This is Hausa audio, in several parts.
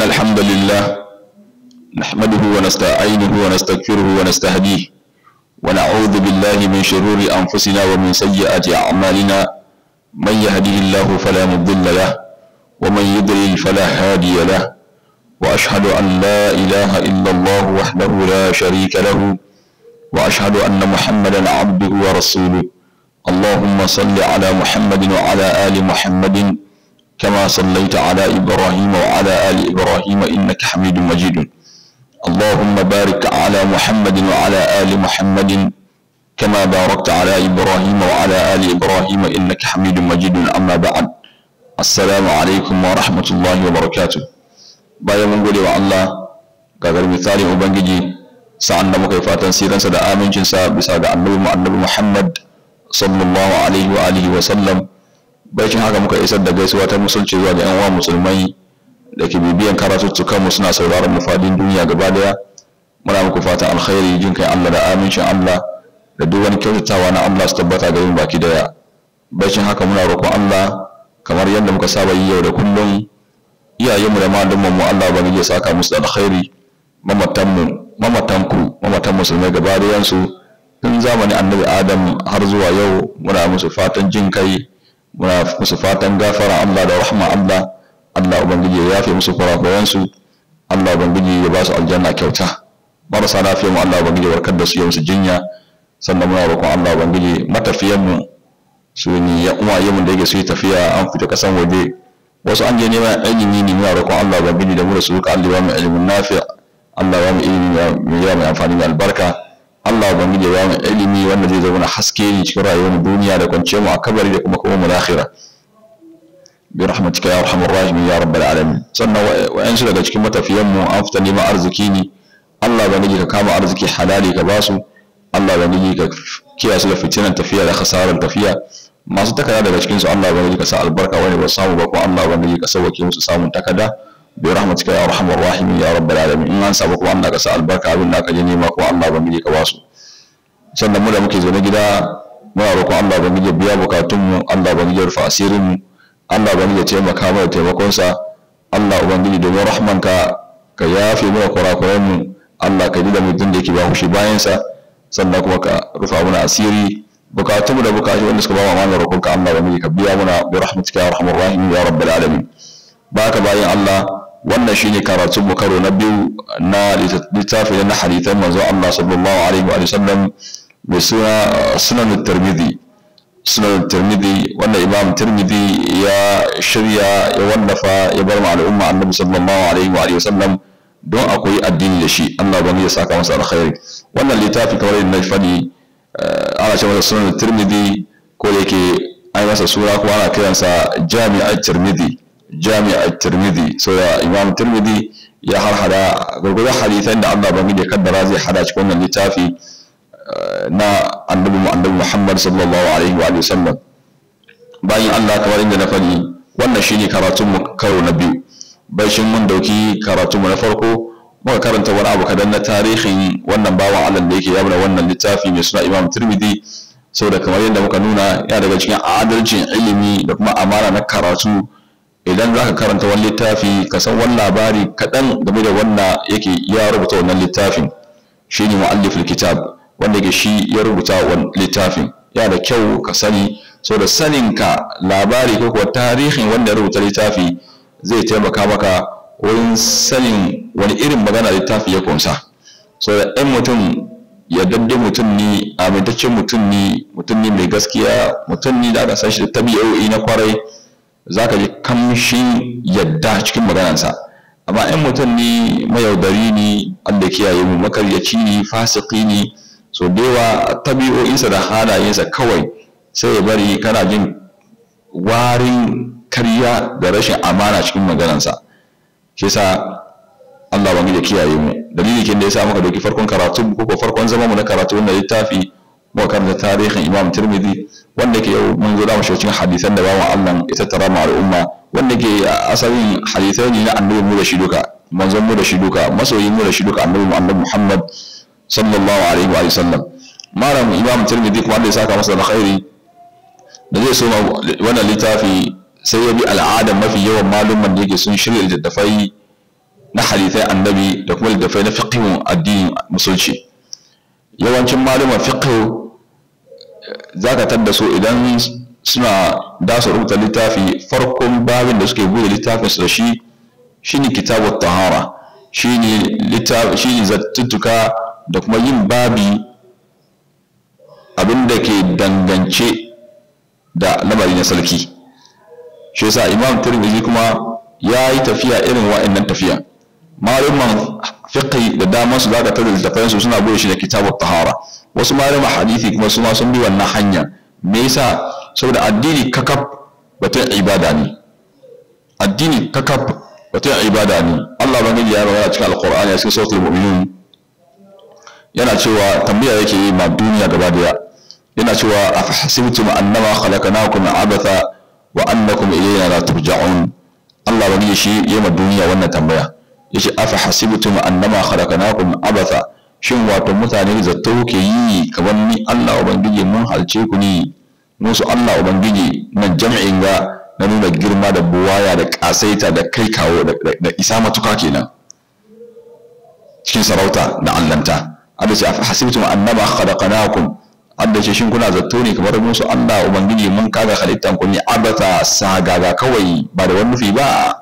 إن الحمد لله نحمده ونستعينه ونستغفره ونستهديه ونعوذ بالله من شرور أنفسنا ومن سيئات أعمالنا من يهده الله فلا مضل له ومن يضلل فلا هادي له وأشهد أن لا إله إلا الله وحده لا شريك له وأشهد أن محمدا عبده ورسوله اللهم صل على محمد وعلى آل محمد كما صليت على إبراهيم وعلى آل إبراهيم إنك حميد مجيد اللهم بارك على محمد وعلى آل محمد كما باركت على إبراهيم وعلى آل إبراهيم إنك حميد مجيد أما بعد السلام عليكم ورحمة الله وبركاته bayan mun gode wa Allah gagar misalin ubangiji sa'an da muka yi fatan siransa da amincinsa bisa ga annabi mu annabi Muhammad sallallahu alaihi wa alihi wa sallam baikin haka muka isar da gaisuwa ta musulunci zuwa ga 'yan uwa musulmai da ke bibiyan kanmu suna sauraron mafadin duniya gaba daya muna muku fatan alkhairi jin kai Allah da amincin Allah da duk wani kyautatawa na Allah su tabbata ga yin baki daya baikin haka muna roƙon Allah kamar yadda muka saba yi yau da kullum iyayenmu da malamanmu mu Allah ba ya saka musu alkhairi mamatanmu mamatanku mamatan musulmai gaba dayansu tun zamani annabi Adam har zuwa yau muna musu fatan jin kai muna musu fatan gafara Allah da rahama Allah Allah ubangiji ya yafe musu kurakuran Allah ubangiji ya ba su aljanna kyauta marasa lafiya mu Allah ubangiji warkar da su ya musu jinya sannan muna roƙon Allah ubangiji matafiyan mu su ne ya uwaye mun da yake su yi tafiya an fita kasan waje wasu an je neman ilimi ne muna roƙon Allah ubangiji da mu da su ka Allah ya mu ilimin nafi Allah ya mu ilimi ya mai amfani da albarka Allah ba ya ba mu ilimi wanda zai zama haske ne cikin rayuwar duniya da kwance mu a kabari da kuma kuma mu lahira bi rahmatika ya arhamar rahimin ya rabbal alamin sannan wayansu daga cikin matafiyan mu an fita neman arziki ne Allah ba ka kama arziki halali ka basu Allah ba ka kiyasu da fitinan tafiya da khasarar tafiya masu takada daga cikinsu Allah ba ka sa albarka wani ba samu ba ko Allah ba ka sauke musu samun takada bi rahmatika ya arhamar rahimin ya rabbal alamin in an samu kuma Allah ka sa albarka abin da ka je nema kuma Allah ubangiji ka basu can da mu da muke zo na gida mu muna roƙon Allah ubangiji biya bukatun mu Allah ubangiji rufa asirin mu Allah ubangiji ya taimaka mana taimakon sa Allah ubangiji domin rahman ka Ka yafe mana kurakuran mu Allah ka ji da mutum da yake ba shi bayan sa sannan kuma ka rufa mana asiri bukatun mu da bukatun wanda suka ba mu amana roƙon ka Allah ubangiji ka biya mana bi rahmatika ya arhamar rahimin ya rabbal alamin baka bayan Allah wannan shine karatun mu karo na biyu na littafi na hadithan manzo Allah sallallahu alaihi wa sallam mai suna uh, sunan tirmidhi sunan tirmidhi wannan imam tirmidhi ya shirya ya wallafa ya bar ma al'umma annabi sallallahu alaihi wa sallam don akwai addini da shi Allah bani ya saka masa alkhairi wannan littafi kamar yadda na faɗi uh, ana ce masa sunan tirmidhi ko da yake an masa sura ko ana kiransa jami'ar tirmidhi Jami'a at-tirmidhi saboda imam tirmidhi ya harhada gurgurdan hadisan da Allah ba da kaddara zai hada cikin wannan littafi uh, na annabi annabi Muhammad sallallahu alaihi wa sallam bayan Allah kamar inda na faɗi wannan shine karatun mu karo na biyu bashin mun dauki karatu mu na farko muka karanta wani abu kadan na tarihi wannan bawan Allah da yake yabra wannan littafi mai suna Imam Tirmidhi saboda kamar yadda muka nuna ya daga cikin adalcin ilimi da kuma amana na karatu idan za ka karanta wani littafi ka san wani labari kaɗan game da wanda yake ya rubuta wannan littafin shi ne mu'allifin kitab wanda yake shi ya rubuta wannan littafin yana da kyau ka sani so da saninka labari ko kuwa tarihin wanda ya rubuta littafi zai taimaka maka wurin sanin wani irin magana littafi ya kunsa so da ɗan mutum ya yardadde mutum ne amintaccen mutum ne mutum ne mai gaskiya mutum ne da aka san shi da tabi'o'i na kwarai za ka ji kamshin yadda cikin maganarsa amma in mutum ne mayaudari ne Allah kiyaye mu makaryaci ne fasiki ne so da yawa tabi'o'insa da halayensa kawai sai ya bari kana jin warin karya da rashin amana cikin maganarsa shi yasa Allah wani da kiyaye mu dalili kin da yasa muka doki farkon karatu ko farkon zama mu na karatu na littafi bakar da tarihin imam turmidi wanda ke yau mun zo da mashi cikin hadisan da bawan Allah ya tattara mu umma wanda ke asalin hadisai ne na annabi mu da shi duka manzon mu da shi duka masoyin mu da shi duka annabi Muhammad Muhammad sallallahu alaihi wa sallam malam imam turmidi kuma da saka masa alkhairi da zai so wannan littafi sai ya bi al'adar mafi yawan malumman da yake sun shirya littattafai na hadisai annabi da kuma fai na fiqhin addinin musulunci yawancin malumar fiqh zaka tadda su idan suna da su rubuta littafi farkon babin da suke buɗe littafin su da shi shine kitabut tahara shine littafi shine zattutuka da kuma yin babi abin da ke dangance da lamari na sarki shi yasa imam turmizi kuma ya yi tafiya irin wa'annan tafiya malaman fiqh da dama su zaka tare littafan su suna goye shi da kitabut tahara wasu malaman hadisi kuma su ma sun bi wannan hanya me yasa saboda addini kakaf batun ibada ne addini kakaf batun ibada ne Allah ban bangiji ya rawa cikin alqur'ani a cikin suratul mu'minun yana cewa tambaya yake yi ma duniya gaba daya yana cewa afahsibtum annama khalaqnakum abatha wa annakum ilayna la turja'un Allah bangiji shi yi ma duniya wannan tambaya yace afa hasibtum annama khalaqnakum abatha shin wato mutane zato ke yi kamar ni Allah ubangiji mun halce ku ni su Allah ubangiji na jam'in ga na nuna girma da buwaya da kasaita da kai kawo da isa matuka kenan cikin sarauta da allanta abin ce afa hasibtum annama khalaqnakum Allah ce shin kuna zato ne kamar su Allah ubangiji mun kaga halittan ku ni abata sagaga kawai ba da wani nufi ba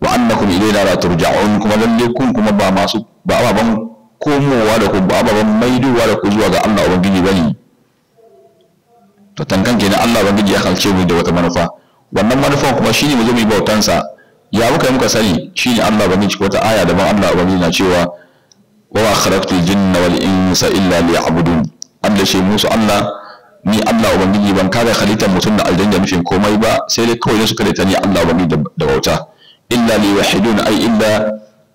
wa annakum ilayna la turja'un kuma lalle kun kuma ba masu ba ababan komowa da ku ba ababan maidowa da ku zuwa ga Allah ubangiji bane to tankan kenan Allah ubangiji ya halce mu da wata manufa wannan manufan kuma shine mu zo mu yi bautansa ya muka yi muka sani shine Allah ubangiji wata aya daban Allah ubangiji na cewa wa ma khalaqtul jinna wal insa illa liya'budun Allah shi musu Allah ni Allah ubangiji ban kare halittar mutum da aljanna nufin komai ba sai dai kawai da suka da ta ni Allah ubangiji da bauta illa li wahidun illa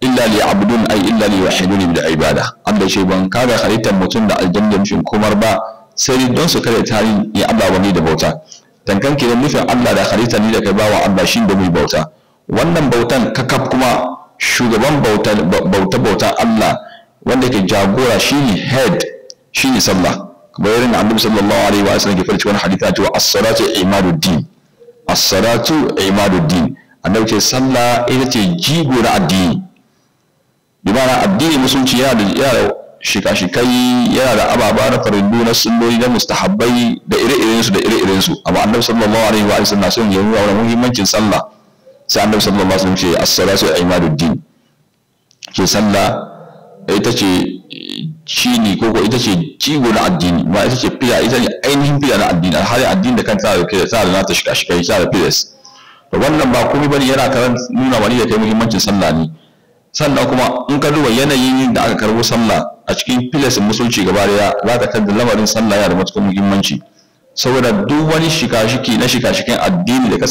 illa li abdun ai illa li wahidun da ibada abda shi ban kaga halittar mutum da aljanna shin kumar ba sai don su kare tarihi ya Allah wani da bauta tankan da nufin Allah da halittar ni da kai bawa Allah shi da mai bauta wannan bautan kakaf kuma shugaban bauta bauta Allah wanda ke jagora shine head shine sallah kamar yadda annabi sallallahu alaihi wa sallam ke farci wani hadita cewa as-salatu imaduddin as-salatu imaduddin annabi ce sallah ita ce jigo na addini bi ma'ana addini musulunci yana da shika-shikai yana da ababa na farindu na sunnoni na mustahabbai da ire-irensu da ire-irensu amma annabi sallallahu alaihi wa sallam sun yi nuna wani muhimmancin sallah sai annabi sallallahu alaihi wa sallam ce as-salatu imaduddin ce sallah ita ce cini ko ko ita ce jigo na addini ma ita ce fiya ita ne ainihin fiya na addini alhali addini da kanta da fiya sa da nata shika-shikai sa da fiya to wannan ba kuma bane yana karan nuna wani da ta muhimmancin sallah ne sannan kuma in ka duba yanayin yin da aka karbo sallah a cikin filasin musulci gaba daya za ka tada lamarin sallah yana da matukar muhimmanci saboda duk wani shika-shiki na shika-shikin addini da ka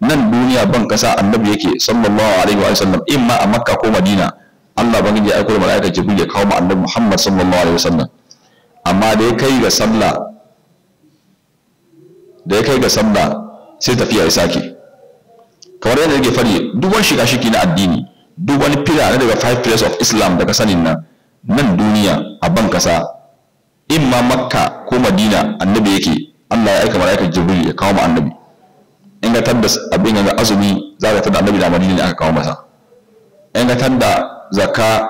nan duniya ban kasa annabi yake sallallahu alaihi wa sallam in ma a makka ko madina Allah ban ya aiko da mala'ika jibril ya kawo ma annabi Muhammad sallallahu alaihi wa sallam amma da ya kai ga sallah da ya kai ga sallah sai tafiya ya sake kamar yadda yake fari duk wani shiga shiki na addini duk wani fila na daga five pillars of islam daga sanin nan nan duniya a ban kasa in ma makka ko madina annabi yake allah ya aika mala'ikar jibril ya kawo ma annabi in ga tabbas abin ga azumi za ka tada annabi da madina ne aka kawo masa in ga tada zakka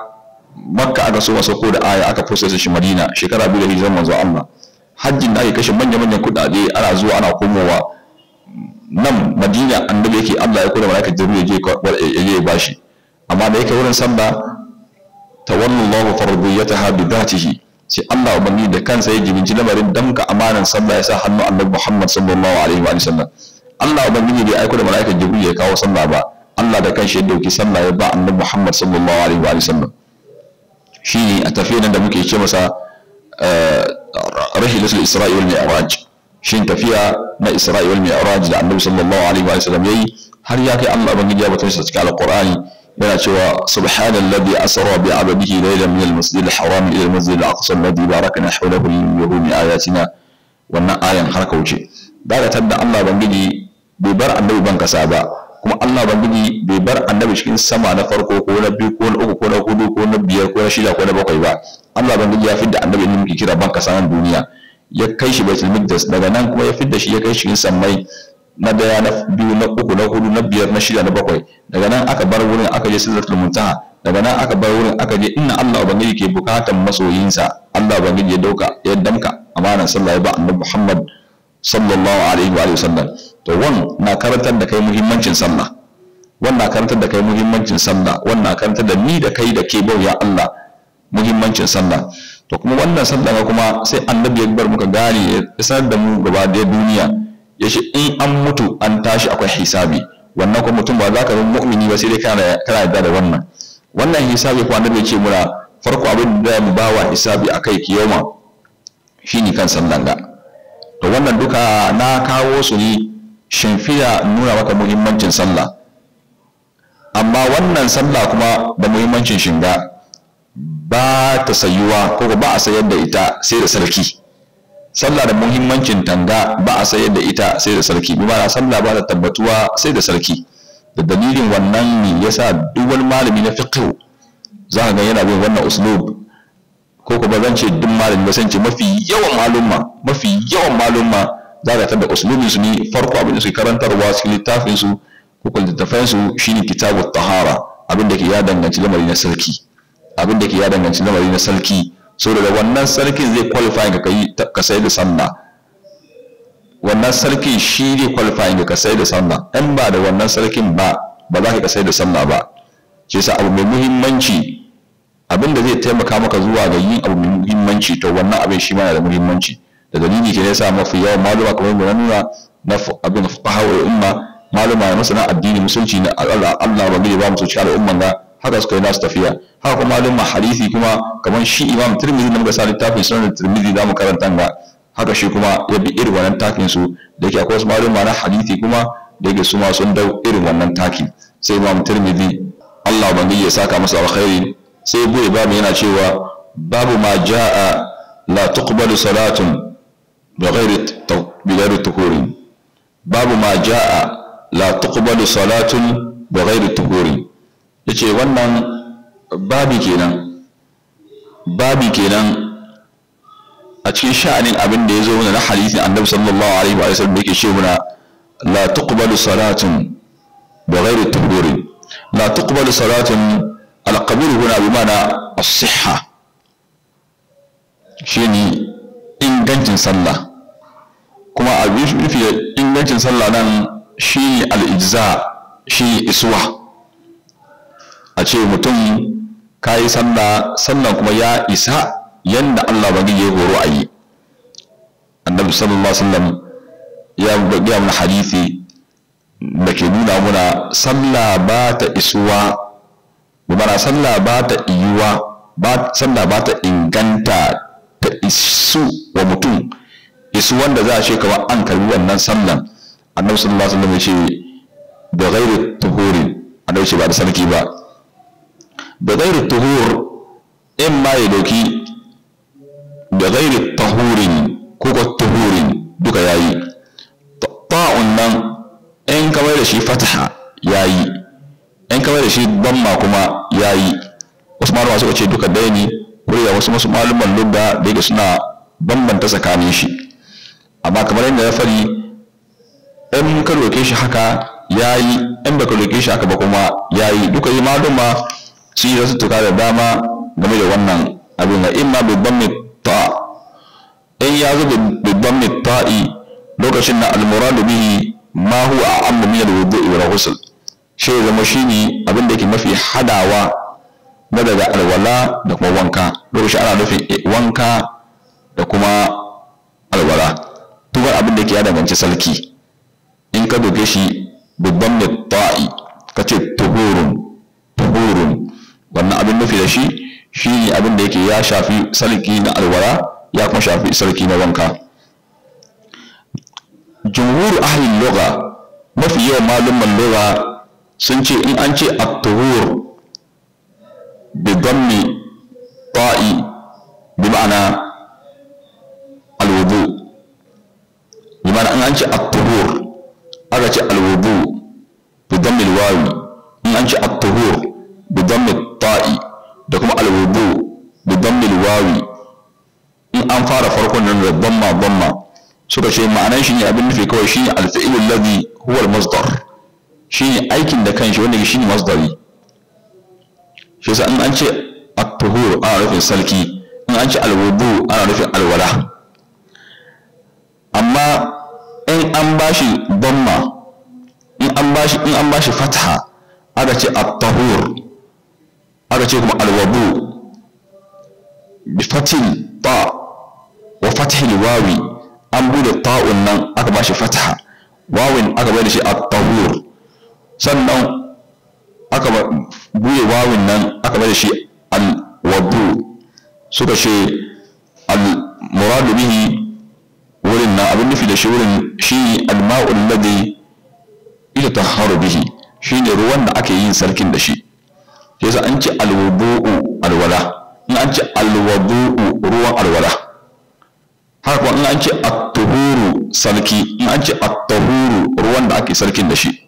makka aka so masa ko da aya aka process shi madina shekara biyu da hijiran manzo allah hajjin da ake kashe manya-manyan kuɗaɗe ana zuwa ana komowa nan madina annabi yake Allah ya kula malaka jibril yaje yaje ya bashi amma da yake wurin sallah tawallallahu farbiyataha bi dhatihi sai Allah ubangi da kansa ya jibinci lamarin damka amanan sallah ya sa hannu annabi Muhammad sallallahu alaihi wa sallam Allah ubangi da aiko da malaka jibril ya kawo sallah ba Allah da kanshi ya dauki sallah ya ba annabi Muhammad sallallahu alaihi wa sallam shi a tafiyar da muke ce masa eh, rahilatul isra'i wal mi'raj shin tafiya na Isra'i wal Mi'raj da Annabi sallallahu alaihi wa sallam yayi har ya kai Allah ubangiji ya batun shi cikin Al-Qur'ani yana cewa subhanallazi asra bi 'abdihi laylan min al-masjid al-haram ila al-masjid al-aqsa alladhi barakna hawlahu liyurina ayatina wannan ayan har ka wuce daga tadda Allah ubangiji bai bar Annabi ban kasa ba kuma Allah ubangiji bai bar Annabi cikin sama na farko ko na biyu ko na uku ko na hudu ko na biyar ko na shida ko na bakwai ba Allah ubangiji ya fidda Annabi ne muke kira ban kasa nan duniya ya kai shi baitul daga nan kuma ya fidda shi ya kai shi sammai na daya na biyu na uku na hudu na biyar na shida na bakwai daga nan aka bar wurin aka je sidratul muntaha daga nan aka bar wurin aka je inna Allah ubangiji ke bukatan masoyinsa Allah ubangiji ya dauka ya damka amanan sallah ya ba annabi Muhammad sallallahu alaihi wa sallam to wannan na karantar da kai muhimmancin sallah wannan karantar da kai muhimmancin sallah wannan karantar da ni da kai da ke bauya Allah muhimmancin sallah to kuma wannan sallaka kuma sai annabi ya bar muka gane ya sanar da mu gaba da duniya ya ce in an mutu an tashi akwai hisabi wannan kuma mutum ba za ka zama mu'mini ba sai dai kana yadda da wannan wannan hisabi kuma annabi ya ce muna farko abin da mu bawa hisabi akai kiyoma shine kan sallan ga to wannan duka na kawo su ne shimfiya nuna maka muhimmancin sallah amma wannan sallah kuma da muhimmancin shinga ba ta sayuwa ko ba a sayar da ita sai da sarki sallah da muhimmancin tanga ba a sayar da ita sai da sarki bi ma'ana sallah ba ta tabbatuwa sai da sarki da dalilin wannan ne yasa duk wani malami na fiqh za ka ga yana bin wannan uslub ko kuma zan ce duk malami ba san ce mafi yawan malumma mafi yawan malumma za ka tada uslubin su ne farko abin da suke karantarwa su littafin su ko littafin su shine kitabut tahara abin da ke ya danganci lamari na sarki abin da ke ya danganci lamari na sarki so daga wannan sarkin zai qualify ga kai ka sai da sanna wannan sarkin shi zai qualify ga ka sai da sanna, in ba da wannan sarkin ba ba za ka sai da sanna ba shi sa abu mai muhimmanci abin da zai taimaka maka zuwa ga yin abu mai muhimmanci to wannan abin shi ma yana da muhimmanci da dalili ke yasa mafi yawan maluma kamar yadda na nuna na abin fahawar umma maluma na masana addini musulci na Allah Allah ba zai ba mu su cikin al'umman ga haka suka yi nasu tafiya haka kuma malum hadisi kuma kamar shi imam turmizi na muka sa littafin sunan turmizi za mu karanta ga haka shi kuma ya bi irin wannan takin su da yake akwai wasu malum na hadisi kuma da yake su ma sun dau irin wannan taki sai imam turmizi Allah ubangiji ya saka masa alkhairi sai buye ba mu yana cewa babu ma jaa la tuqbalu salatun ghairi بغير babu ma ja'a la tuqbalu salatun bi ghairi طهور ya ce wannan babi kenan babi kenan a cikin sha'anin abin da ya zo na hadisin annabi sallallahu alaihi wa sallam yake ce muna la tuqbalu salatun bi ghairi tahurin la tuqbalu salatun al-qabul huna bi ma'ana as-sihha shine ingancin sallah kuma a abin nufi ingancin sallah nan shine al-ijza shine iswa a ce mutum ka yi sallah sannan kuma ya isa yanda Allah ba ya horo a yi annabi sallallahu alaihi wasallam ya gaya mana hadisi da ke nuna muna sallah ba ta isuwa mana sallah ba ta iyuwa sallah ba ta inganta ta isu wa mutum isu wanda za a ce kawai an karbi wannan sallan annabi sallallahu alaihi wasallam ya ce da ghairu tuhuri annabi ce ba da sarki ba da ghairi tuhur in ma ya doki da ghairi tahurin kuka ko tuhurin duka yayi ta'un nan in kawai da shi fataha yayi in kawai da shi damma kuma yayi wasu malama suka ce duka dai ne kuriya wasu masu maluman lubba da yake suna bambanta tsakanin shi amma kamar yadda ya fari in ka roke shi haka yayi in ka roke shi haka ba kuma yayi duka yi maluma shi da su tuka da dama game da wannan abin da imma mai mitta in ya zo mai ta'i lokacin na almuradu bihi ma huwa a amma miyar alwudu'i wa ghusl shi ya zama ne abin da yake mafi hadawa na daga alwala da kuma wanka lokacin ana nufin eh, wanka da kuma alwala tukar abin da ke ya danganci salki in ka doke shi mai ta'i ka ce tuhurun tuhurun wannan abin nufi da shi shi ne abin da yake ya shafi sarki na alwara ya kuma shafi sarki na wanka jumhur ahlin lugha mafi yawan malumman lugha sun ce in an ce at-tuhur bi dhammi ta'i bi ma'ana alwudu wudu bi ma'ana in an ce at-tuhur aka ce al bi dhammi al-wawi in an ce at-tuhur bi dhammi fara farkon nan da dhamma dhamma suka ce ma'anan shi ne abin nufi kawai shi ne alfi'il alladhi huwa al-masdar shi ne aikin da kanshi wanda shi ne masdari shi yasa in an ce at-tuhur ana nufin salki in an ce al-wudu ana nufin alwala amma in an bashi dhamma in an bashi in an bashi fatha aka ce at-tahur aka ce kuma al-wudu bi fatin ta wa fathil wawi an bude ta'un nan aka bashi fatha wawin aka bai da shi at-tahur sannan aka bude wawin nan aka bai da shi al-wadu suka ce al-muradu bihi wurin nan abin nufi da shi wurin shi al-ma'ul ladhi yatahharu bihi shine ruwan da ake yin sarkin da shi yasa an ci al-wudu'u alwala in an ce al-wudu'u ruwan alwala haka kuma in an ce at-tuhuru salki in an ce at-tuhuru ruwan da ake sarkin da shi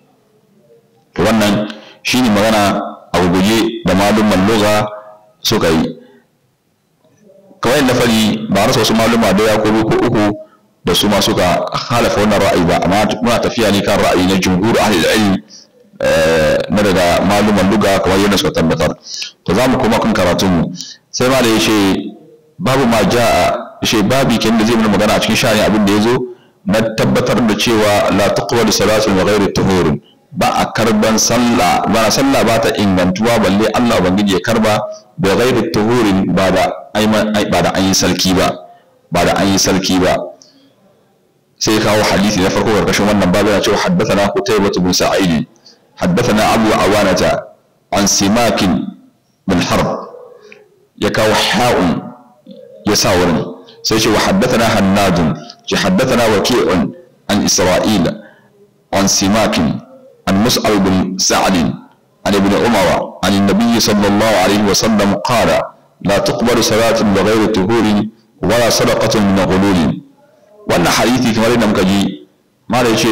to wannan shine magana a guje da malumman lugha suka yi kawai na fari ba rasa wasu maluma da ya ko uku da su ma suka halafa wannan ra'ayi ba amma muna tafiya ne kan ra'ayi na jumhur ahli ilm eh, na daga maluman luga kamar yana suka tabbatar to za mu koma kan karatun sai ma da ya ce babu ma ja'a shi babi kin da zai mana magana a cikin shari'a abin da ya zo na tabbatar da cewa la tuqbalu salatun wa ghairu tahur ba a karban sallah ba sallah ba ta ingantuwa balle Allah ubangiji ya karba da ghairu tahur ba da ba da an yi sarki ba ba da an yi sarki ba sai kawo hadisi na farko karkashin wannan babu ya ce haddathana qutaybah bin sa'id haddathana abu awanata an simakin bin harb ya kawo ha'un ya sa wurin sai ce wa haddathana hannadun ji haddathana waki'un an isra'ila an simakin an mus'al bin sa'adin an ibi da umar an biyu sallallahu alaihi wa sallam qala la tuqbalu salatun da ghairi tuhurin wa la sadaqatun na ghululin wannan hadisi kamar yadda muka ji mala da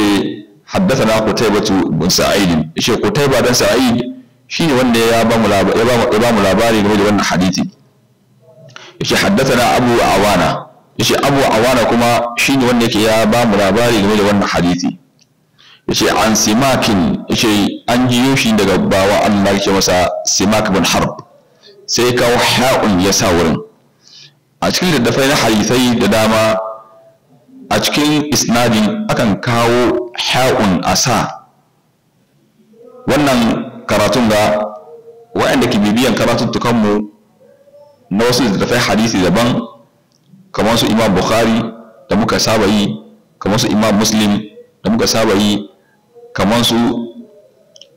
haddathana qutayba bin sa'idin yace qutayba dan sa'id shine wanda ya ba mu labari ya ba mu labari game da wannan hadisi haddasa na abu awana yace abu awana kuma shine wanda yake ya bamu mu labari game da wannan hadisi yace an simakin yace an jiyo shi daga bawa Allah yake masa simak bin harb sai kawo wahaun ya sa wurin a cikin littattafai na hadisai da dama a cikin isnadi akan kawo ha'un a sa wannan karatun ga waɗanda ke bibiyan karatun karatuttukanmu na wasu littattafai hadisi daban kamar su imam bukhari da muka saba yi kamar su imam muslim da muka saba yi kamar su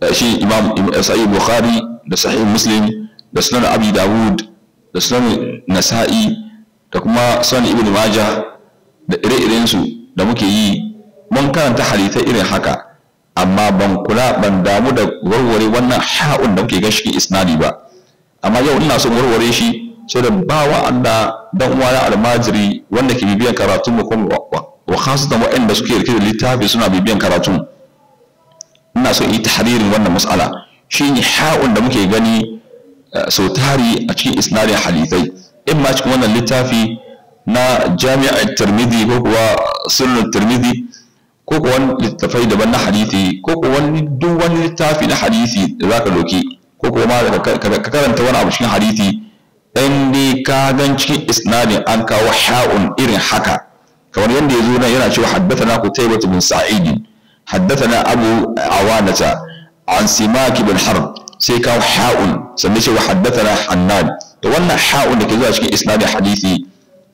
eh, shi imam eh, sahih bukhari da sahih muslim da sunan abi dawud da sunan nasa'i da kuma sunan ibn majah da ire-irensu da muke yi mun karanta halittar irin haka amma ban kula ban damu da warware wannan ha'un da muke gashi isnadi ba amma yau ina son warware shi shirin ba wa Allah dan uwa na almajiri wanda ke bibiyan karatu mu kuma wa khasatan da suke rike da littafi suna bibiyan karatu ina so yi tahririn wannan mas'ala shine ha'un da muke gani eh, sau tari a cikin isnadin halittai in ma cikin wannan littafi na jami'ar tirmidhi ko kuwa sunan tirmidhi ko kuwa wani littafai daban na hadithi ko kuwa wani duk wani littafi na hadithi da zaka doki ko kuwa ma ka karanta wani abu cikin hadithi in ka gan cikin isnadin an kawo ha'un irin haka kamar yadda ya zo nan yana cewa haddathana Qutaybah bin ,haddasa na Abu Awanata an Simak bin Harb sai kawo ha'un sannan cewa na hannan to wannan ha'un da ke zuwa cikin isnadin hadisi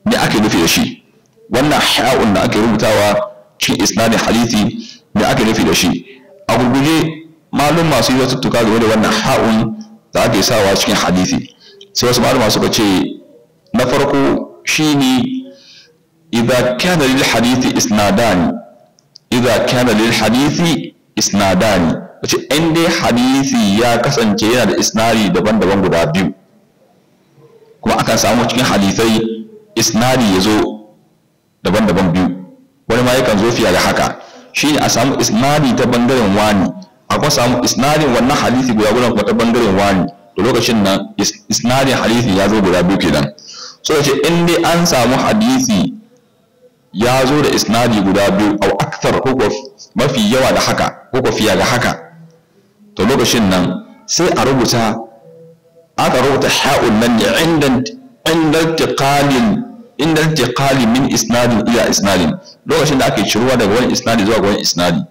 ne ake nufi da shi wannan ha'un da ake rubutawa cikin isnadin hadisi ne ake nufi da shi a gurguje malum masu yi wasu tuka game da wannan ha'un da ake sawa cikin hadisi sai wasu malama suka ce na farko shine idza kana lil hadithi isnadani idza kana lil hadithi isnadani wace in dai hadisi ya kasance yana da isnari daban-daban guda biyu kuma aka samu cikin hadisai isnari ya zo daban-daban biyu wani ma yakan zo fiye da haka shine a samu isnari ta bangaren wani akwai samu isnadin wannan hadisi guda guda kuma ta bangaren wani to lokacin nan isnadin hadisi ya zo guda biyu kenan so ce in dai an samu hadisi ya zo da isnadi guda biyu au akthar ko mafi yawa da haka ko fiya da haka to lokacin nan sai a rubuta aka rubuta ha'un nan ne inda inda inda min isnadin ila isnadin lokacin da ake ciruwa daga wani isnadi zuwa wani isnadi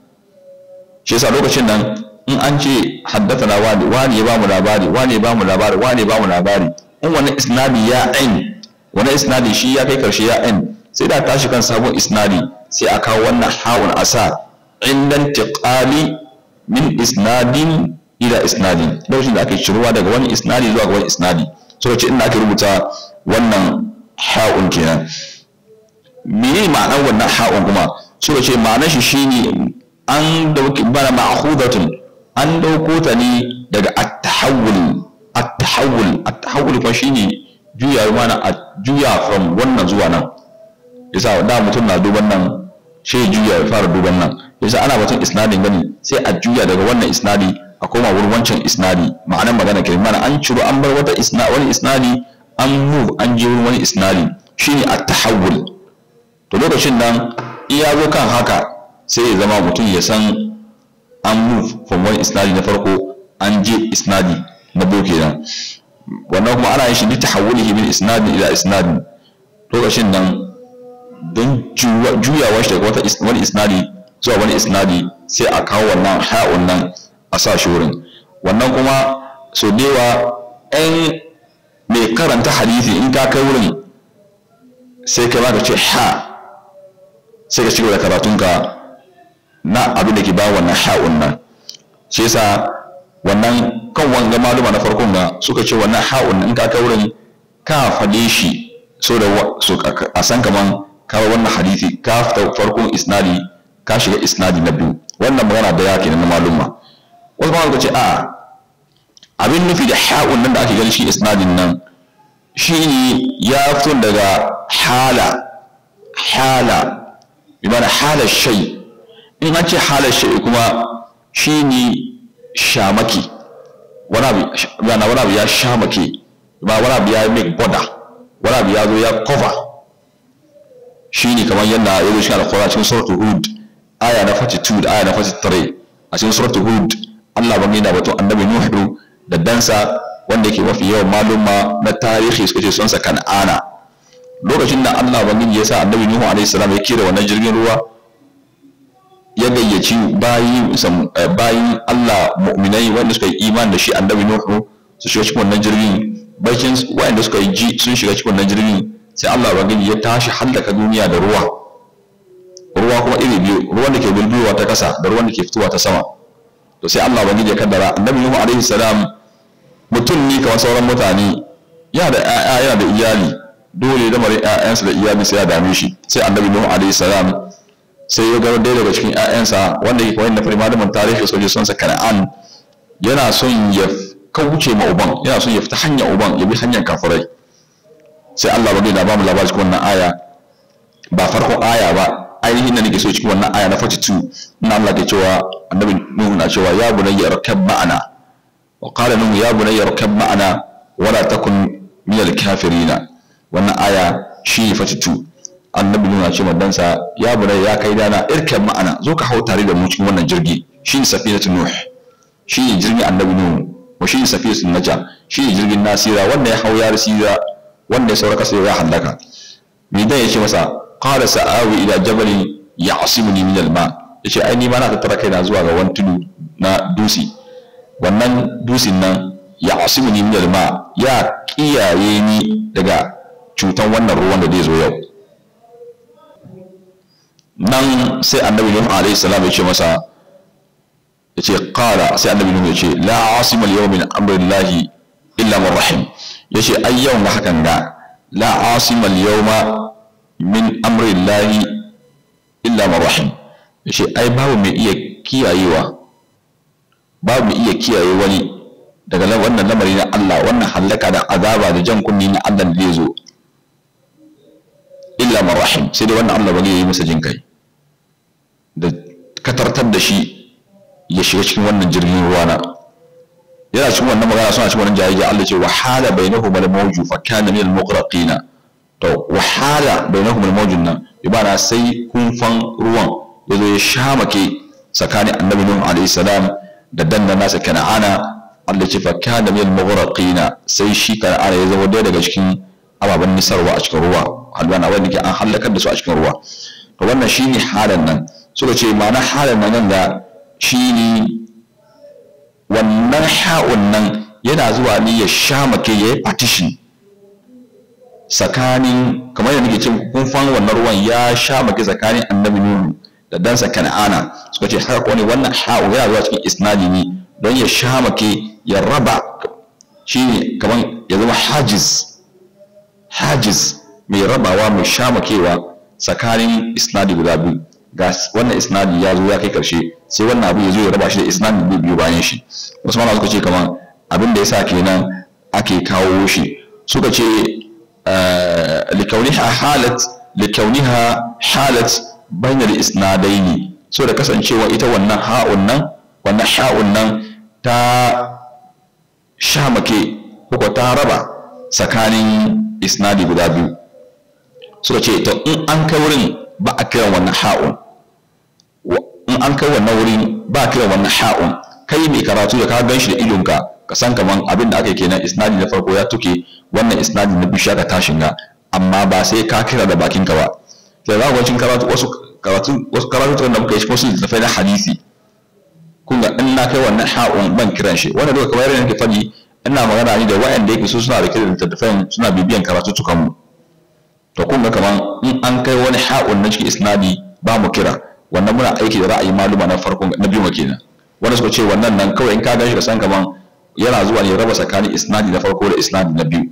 shi yasa lokacin nan in an ce haddathana wani wani ya bamu labari wani ya bamu labari wani ya bamu labari in wani isnadi ya ain wani isnadi shi ya kai karshe ya ain sai da tashi kan sabon isnadi sai a kawo wannan ha'un asa indan tiqali min isnadin ila isnadin lokacin da ake shiruwa daga wani isnadi zuwa ga wani isnadi so ce inda ake rubuta wannan ha'un kenan mene ma'anar wannan ha'un kuma so ce ma'anar shi shine an dauki bana ma'khudatun an ɗauko ta ne daga attahawul. Attahawul. Attahawul kuma shine juya mana a juya from wannan zuwa nan yasa da mutum na duban nan sai juya ya fara duban nan yasa ana batun isnadin gani sai a juya daga wannan isnadi a koma wurin wancan isnadi ma'anar magana kai mana an ciro an bar wata isna wani isnadi an move an je wurin wani isnadi shine attahawul. to lokacin nan iya zo kan haka sai ya zama mutum ya san an move from wani isnadi na farko an je isnadi na biyu kenan wannan kuma ana yin shi litahawulihi min isnadi ila to lokacin nan don juyawa shi daga wata wani isnadi zuwa wani isnadi sai a kawo wannan ha'un nan a sa shi wurin wannan kuma so dewa ɗan mai karanta hadisi in ka kai wurin sai ka ba ka ce ha sai ka ci gaba da karatunka na abin da ke ba wannan ha'un nan shi yasa wannan kan wanga maluma na farkon ga suka ce wannan ha'un in ka kai wurin ka faɗe shi so da so a san kaman ka wannan hadisi ka fita farkon isnadi ka shiga isnadi na biyu wannan magana da yake na maluma wasu maluma ce a abin nufi da ha'un nan da ake gani shi isnadin nan shi ne ya fito daga hala hala bi mana hala shay in an ce halar shai kuma shi ne shamaki wani abu ya shamaki ba wani abu ya make border wani abu ya zo ya cover shi ne kamar yadda ya zo shi kwara cikin suratul hud aya na 42 da aya na 43 a cikin suratul hud Allah ba yana batun annabi nuhu da dansa wanda yake mafi yawan maluma na tarihi suka ce sunsa kan'ana lokacin da Allah ba ya sa annabi nuhu alaihi salam ya kira wannan jirgin ruwa ya gayyaci bayi eh, bayin Allah mu'minai wanda suka yi iman da shi annabi Nuhu su shiga cikin wannan jirgin bakin wanda suka yi ji sun shiga cikin wannan jirgin sai Allah gani ya tashi hallaka duniya da ruwa ruwa kuma iri biyu ruwan da ke bulbulowa ta kasa da ruwan da ke fitowa ta sama to sai Allah gani ya kaddara annabi Nuhu alaihi salam mutum ne kamar sauran mutane yana da 'ya'ya, yana da iyali dole da mare ƴaƴansa da iyali sai ya dame shi sai annabi Nuhu alaihi salam sai ya gano ɗaya daga cikin 'ya'yansa, wanda yake da fari malamin tarihi soje sunsa kana'an yana son ya kauce ma uban yana son ya fita hanyar uban ya bi hanyar kafirai sai Allah ba da ba mu labari cikin wannan aya ba farkon aya ba ainihin da nake so cikin wannan aya na 42 na Allah ke cewa annabi Nuhu na cewa ya bunayya rakab ma'ana wa qala Nuhu ya bunayya rakab ma'ana wala takun min al-kafirina wannan aya shi fati 42 annabi nuna ce madansa ya bura ya kai dana irken ma'ana zo ka hau tare da mu cikin wannan jirgi shi ne safiyatu nuh shi ne jirgin annabi nuhu wa shi ne safiyatu naja shi ne jirgin nasira wanda ya hau ya risira wanda ya saura kasa ya halaka me dai yace masa qala sa'awi ila jabali ya'simuni min al-ma yace ai ni ma na tattara kaina zuwa ga wani tudu na dusi wannan dusin nan ya'simuni min al-ma ya kiyaye ni daga cutan wannan ruwan da zai zo yau nan sai annabi nuhu alaihi salam ya ce masa ya ce qala sai annabi nuhu ya ce la asima al yawmin amrillahi illa man rahim ya ce ai yau na hakan da la asima al yawma min amrillahi illa man rahim ya ce ai babu mai iya kiyayewa babu mai iya kiyaye wani daga wannan lamari na Allah wannan halaka da azaba da jan kunni na Allah da zai zo illa man rahim sai dai wannan Allah zai yi masa jin kai da katartar da shi ya shiga cikin wannan jirgin ruwa na yana cikin wannan magana suna cikin wannan jayayya Allah ce wahala bainahu al-mawju fa kana min al-muqraqina to wahala bainahum al-mawjun nan ibara sai kunfan ruwan yazo ya shamake tsakanin annabi nuh alayhi salam da danna nasa kana'ana Allah ce fa kana min al muqraqina sai shi kana'ana ya zama daya daga cikin ababen nisarwa a cikin ruwa alwana wanda ke an halakar da su a cikin ruwa to wannan shine halan nan suka ce ma'ana halin nan da shi ne wannan ha'un nan yana zuwa ne ya sha make ya yi partition tsakanin kamar yadda nake ce kun fan wannan ruwan ya sha make tsakanin annabi nuhu da dansa Ana. suka ce har ko wannan ha'u yana zuwa cikin isnadi ne don ya sha make ya raba shi ne kamar ya zama hajiz hajiz mai rabawa mai sha makewa tsakanin isnadi guda biyu ga wannan isnadi ya zo ya kai karshe sai wannan abu ya zo ya raba shi da isnadi biyu biyu bayan shi wasu mana suka ce kamar abin da ya sa kenan ake kawo shi suka ce eh, likauniha halat likauniha halat isnadai ne so da kasancewa ita wannan ha'un nan wannan ha'un nan ta shamake ko ta raba tsakanin isnadi guda biyu suka ce to in an kai wurin ba a kiran wannan ha'un in an kai wannan wuri ba kai wannan ha'un kai mai karatu da ka gan shi da ilonka ka san kaman abin da aka yi kenan isnadi na farko ya tuke wannan isnadi na bishiya ka tashin ga amma ba sai ka kira da bakinka ba sai za ku karatu wasu karatu wasu karatu da muka yi ko da fa'ida hadisi kun ga in na kai wannan ha'un ban kiran shi wannan duka kamar yadda nake faɗi ina magana ne da waɗanda yake so suna da kiran littattafan suna bibiyan karatu tukan mu to kun ga kaman in an kai wani ha'un na cikin isnadi ba mu kira wannan muna aiki da ra'ayi maluma na farko na biyu kenan wanda suka ce wannan nan kawai in ka gan shi ka san kaman yana zuwa ne raba tsakanin isnadi na farko da isnadi na biyu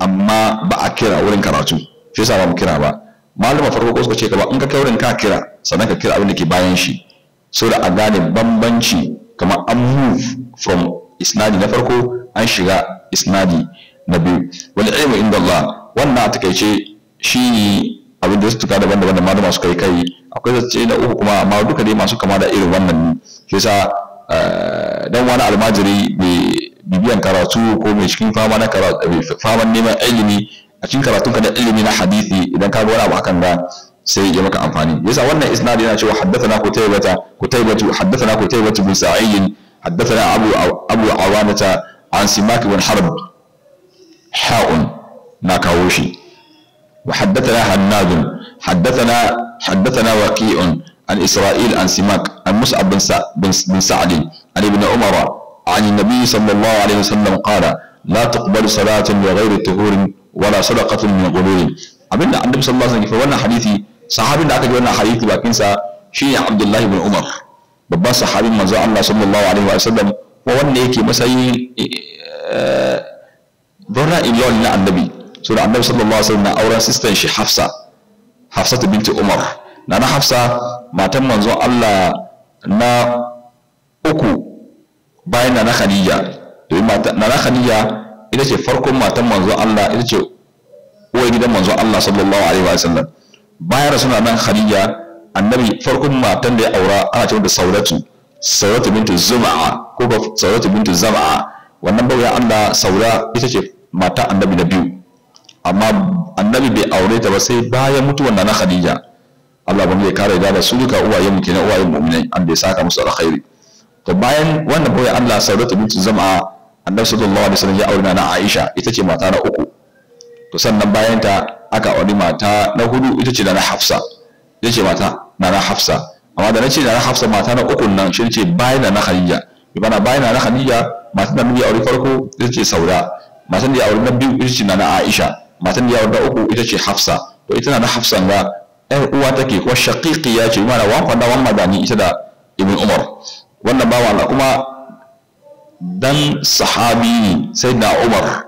amma ba a kira wurin karatu shi yasa ba mu kira ba maluma farko ko suka ce ka in ka kai wurin ka kira sannan ka kira abin da ke bayan shi so da a gane bambanci kamar an move from isnadi na farko an shiga isnadi na biyu Wani ilimin inda Allah wannan a takaice shi ne abin da suka daban daban da malama suka yi kai akwai zace na uku kuma amma duka dai masu kama da irin wannan shi yasa eh, dan wani almajiri mai bibiyan karatu ko mai cikin fama na karatu faman neman ilimi a cikin karatun ka da ilimi na hadisi idan ka ga wani abu hakan da sai ya maka amfani yasa wannan isnad yana cewa haddathana kutaybata kutaybatu haddathana kutaybatu bin sa'id haddathana abu abu awanata an simak bin harb ha'un na kawo shi وحدثنا حناد حدثنا حدثنا وكيء عن اسرائيل عن سماك عن مصعب بن بن سعد عن ابن عمر عن النبي صلى الله عليه وسلم قال لا تقبل صلاة بغير طهور ولا صدقة من غلول عبدنا عن النبي صلى الله عليه وسلم في حديثي صحابي لكن جولنا حديثي لكن شيء عبد الله بن عمر بابا صحابي ما زعم الله صلى الله عليه وسلم وولنا يكي مسايين آه، ذرا إليون النبي so da annabi sallallahu alaihi wasallam na auren sistan shi Hafsa Hafsa binti Umar na na Hafsa matan manzo Allah na uku bayan na Khadija domin na Khadija ita ce farkon matan manzo Allah ita ce uwar gidan manzo Allah sallallahu alaihi wasallam bayan na nan Khadija annabi farkon matan da ya aura ana cewa da Sauratu Sauratu binti Zuma'a ko Sauratu binti Zama'a wannan ya Allah saura ita ce mata annabi na biyu amma annabi bai aure ta ba sai bayan mutuwan na khadija Allah ba ya kare da su duka uwaye mu kenan uwaye mu'minai an bai saka musu alkhairi to bayan wannan boye Allah saudatu bintu zama annabi sallallahu alaihi wasallam ya aure na Aisha ita ce mata na uku to sannan bayan ta aka aure mata na hudu ita ce na Hafsa ita ce mata na Hafsa amma da nace na Hafsa mata na uku nan shi ce bayan na Khadija bi bana bayan na Khadija matan da ya aure farko ita ce saura matan da ya aure na biyu ita ce na Aisha matan da ta uku ita ce hafsa to ita na da hafsan ga ɗan uwa take ko ya ce mana wan fada wan madani ita da ibn umar wannan bawa Allah kuma dan sahabi da umar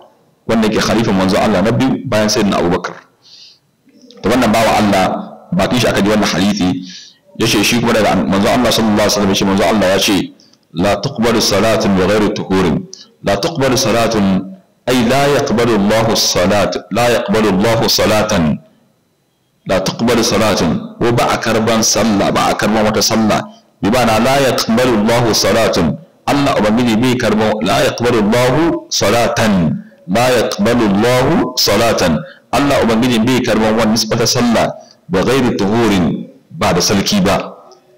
wanda ke khalifa manzo Allah na biyu bayan sai sayyidina abubakar to wannan bawa Allah bakin shi aka ji wannan hadisi ce shi kuma daga manzo Allah sallallahu alaihi wasallam shi manzo Allah ya ce la tuqbalu salatun bi ghairi tuhurin la tuqbalu salatun أي لا يقبل الله الصلاة لا يقبل الله صلاة لا تقبل صلاة وبع كربان صلى بع كربان وتصلى بمعنى لا يقبل الله صلاة الله أبنجي بي كربان لا يقبل الله صلاة لا يقبل الله صلاة الله أبنجي بي كربان ونسبة صلى بغير طهور بعد سلكي با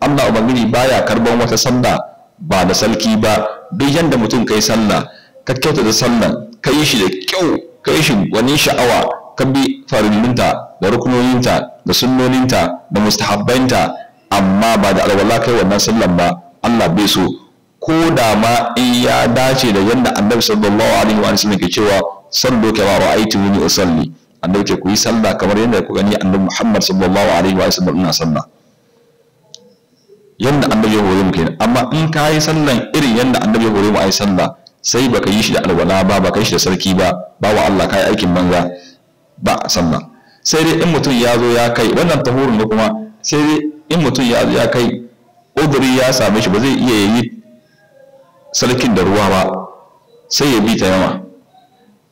الله أبنجي بايا كربان وتصلى بعد سلكي با duk yanda mutum kai sallah ka kyautata sallah ka yi shi da kyau ka yi shi wani sha'awa ka bi farillinta da rukunoninta da sunnoninta da mustahabbainta amma ba da alwala kai wannan sallan ba Allah bai so ko da ma in ya dace da yadda annabi sallallahu alaihi wa sallam ke cewa sallu kama ra'aytu ni usalli annabi ke ku yi sallah kamar yadda ku gani annabi Muhammad sallallahu alaihi wa sallam ina sallah yadda annabi ya hore mu kenan amma in ka yi sallan irin yadda annabi ya hore mu ai sallah sai baka yi shi da alwala ba baka yi shi da sarki ba ba wa Allah kai aikin banza ba a san ba sai dai in mutum ya zo ya kai wannan tahurun ne kuma sai dai in mutum ya zo ya kai uduri ya same shi ba zai iya yi sarkin da ruwa ba sai ya bi ta yama.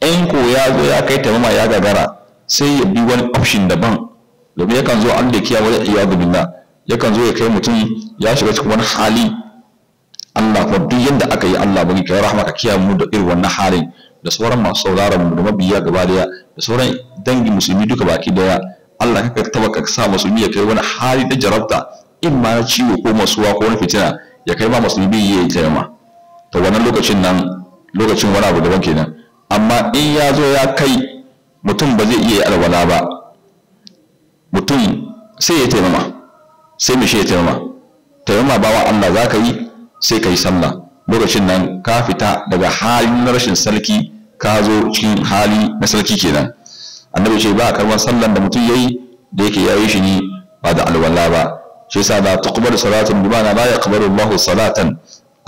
in ko ya zo ya kai taimama ya gagara sai ya bi wani option daban domin yakan zo an da kiyawa ya iya ya yakan zo ya kai mutum ya shiga cikin wani hali Allah fa duk yanda aka yi Allah bari kai rahama ka kiyaye mu da irin wannan halin da sauran masu sauraron mu da mabiya gaba daya da sauran dangi musulmi duka baki daya Allah ka taba ka sa musulmi ya kai wani hali da jarabta in ma na ciwo ko masuwa ko wani fitina ya kai ma musulmi ya yi tayama to wannan lokacin nan lokacin wani abu daban kenan amma in ya zo ya kai mutum ba zai iya yi alwala ba mutum sai ya taimama sai mishi ya taimama taimama bawa Allah za ka yi sai ka yi sallah lokacin nan ka fita daga hali na rashin sarki ka zo cikin hali na sarki kenan annabi ce ba a karɓar sallan da mutum ya yi da yake ya yi shi ne ba da alwala ba shi yasa ta kubar salatin bi ma'ana baya kubar Allahu salatan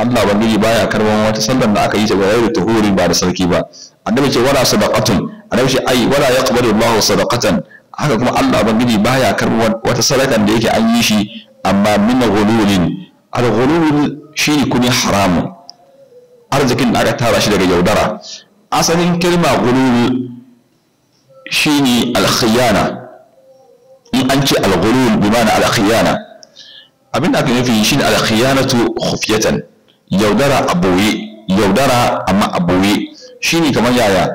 Allah ubangiji baya karɓar wata sallan da aka yi ta ga yau tuhuri ba da sarki ba annabi ce wala sadaqatun annabi ce ai wala ya kubar Allahu sadaqatan haka kuma Allah ubangiji baya karɓar wata sadaqan da yake an yi shi amma min ghululin al-ghulul shi ne kuma haramun arzikin da aka tara shi daga yaudara asalin kalma gulul shi ne alkhiyana in an ce alghulul bi ma'ana alkhiyana abin da aka nufi shi ne alkhiyanatu khufyatan yaudara a boye yaudara amma a boye shi ne kamar yaya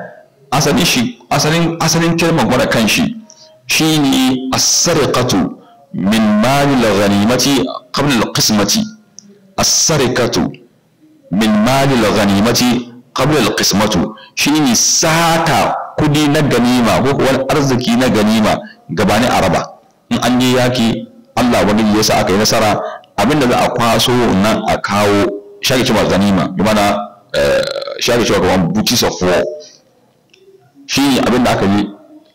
asalin shi asalin asalin kalmar kan shi shi ne as-sarqatu min mali al-ghanimati qabla al-qismati asarikatu min mali al qabla alqismatu qismatu shine sata kudi na ganima ko kuwa arziki na ganima gabanin araba in an yi yaki Allah wani ya sa aka yi nasara abinda za a kwaso nan a kawo shari cewa ganima kuma na shari cewa kuma buci sa fuwa shi ne abinda aka yi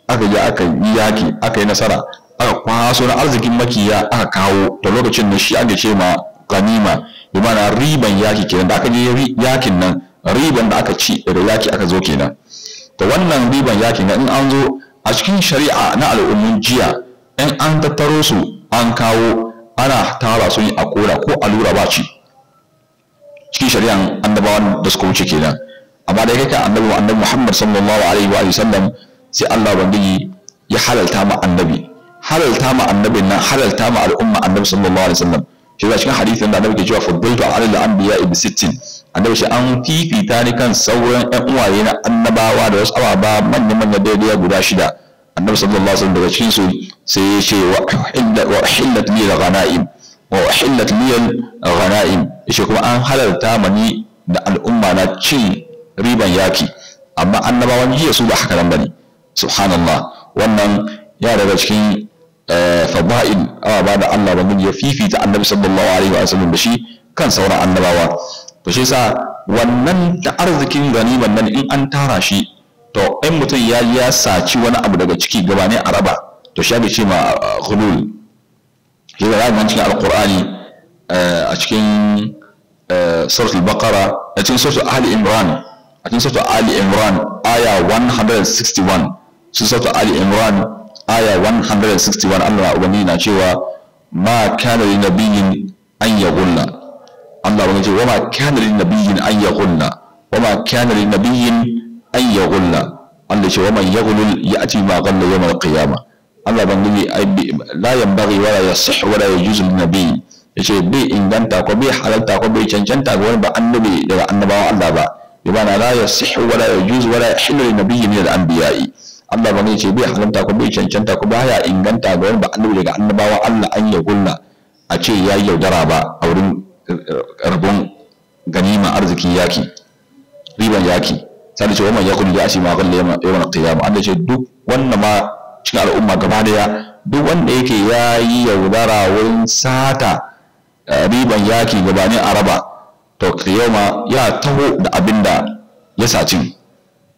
aka yi aka yi yaki aka yi nasara aka kwaso na arzikin makiya aka kawo to lokacin da shi aka ce ma ganima bi ma'ana riban yaki kenan da aka je yakin nan riban da aka ci daga yaki aka zo kenan to wannan riban yakin nan in an zo a cikin shari'a na al'ummun jiya in an tattaro su an kawo ana tara su a kora ko lura ba ci cikin shari'an annabawan da suka wuce kenan amma da kai annabi annabi Muhammad sallallahu alaihi wa sallam sai Allah bangiji ya halalta ma annabi halalta ma annabin nan halalta ma al'umma annabi sallallahu alaihi wa sallam shi cikin hadisi da annabi ke cewa faddaltu alal anbiya bi sittin annabi shi an fifita ni kan sauran ƴan uwaye na annabawa da wasu ababa manya manya daidai guda shida annabi sallallahu alaihi wasallam daga cikin su sai ya ce wa uhillat li ghanaim wa li ghanaim shi kuma an halarta mani da al'umma na cin riban yaki amma annabawan jiya su ba haka nan bane subhanallah wannan ya daga cikin Eh, fada'il ba da Allah ba mun ya fifita annabi sallallahu alaihi wa sallam da shi kan sauran annabawa to shi yasa wannan da arzikin ganiman nan in an tara shi to in mutum ya ya saci wani abu daga ciki gabane araba. to shi ya ce ma eh, hulul shi da zaka cikin alqur'ani eh, a cikin suratul baqara a cikin suratul ali imran a cikin suratul ali imran aya 161 suratul ali imran aya 161 Allah ubangiji na cewa ma kana lin nabiyyin an yaqulla Allah ya ce wa ma kana lin nabiyyin an yaqulla wa ma kana lin nabiyyin an yaqulla Allah ce wa man yaghlul ya'ti ma qalla yawm al-qiyama Allah ubangiji la yanbaghi wa la ya wa la yajuzu lin ya ce bai inganta ko bai halalta ko bai cancanta ga wani ba annabi daga annabawa Allah ba bi ma'ana la yasih wa la yajuzu wa la yahillu lin nabiyyin min al-anbiya'i Allah ba ne ce bai halamta ko bai cancanta ko baya inganta ga wani ba annabi daga annabawa Allah an ya gulla a ce ya yaudara ba a wurin eh, rabon ganima arziki yaki riban yaki sai ce wannan kun da ashi ma gulla yawan qiyama Allah ce duk wannan ma cikin al'umma gaba daya duk wanda yake ya yi yaudara wurin sata eh, riban yaki gabanin araba to qiyama ya taho da abinda ya sacin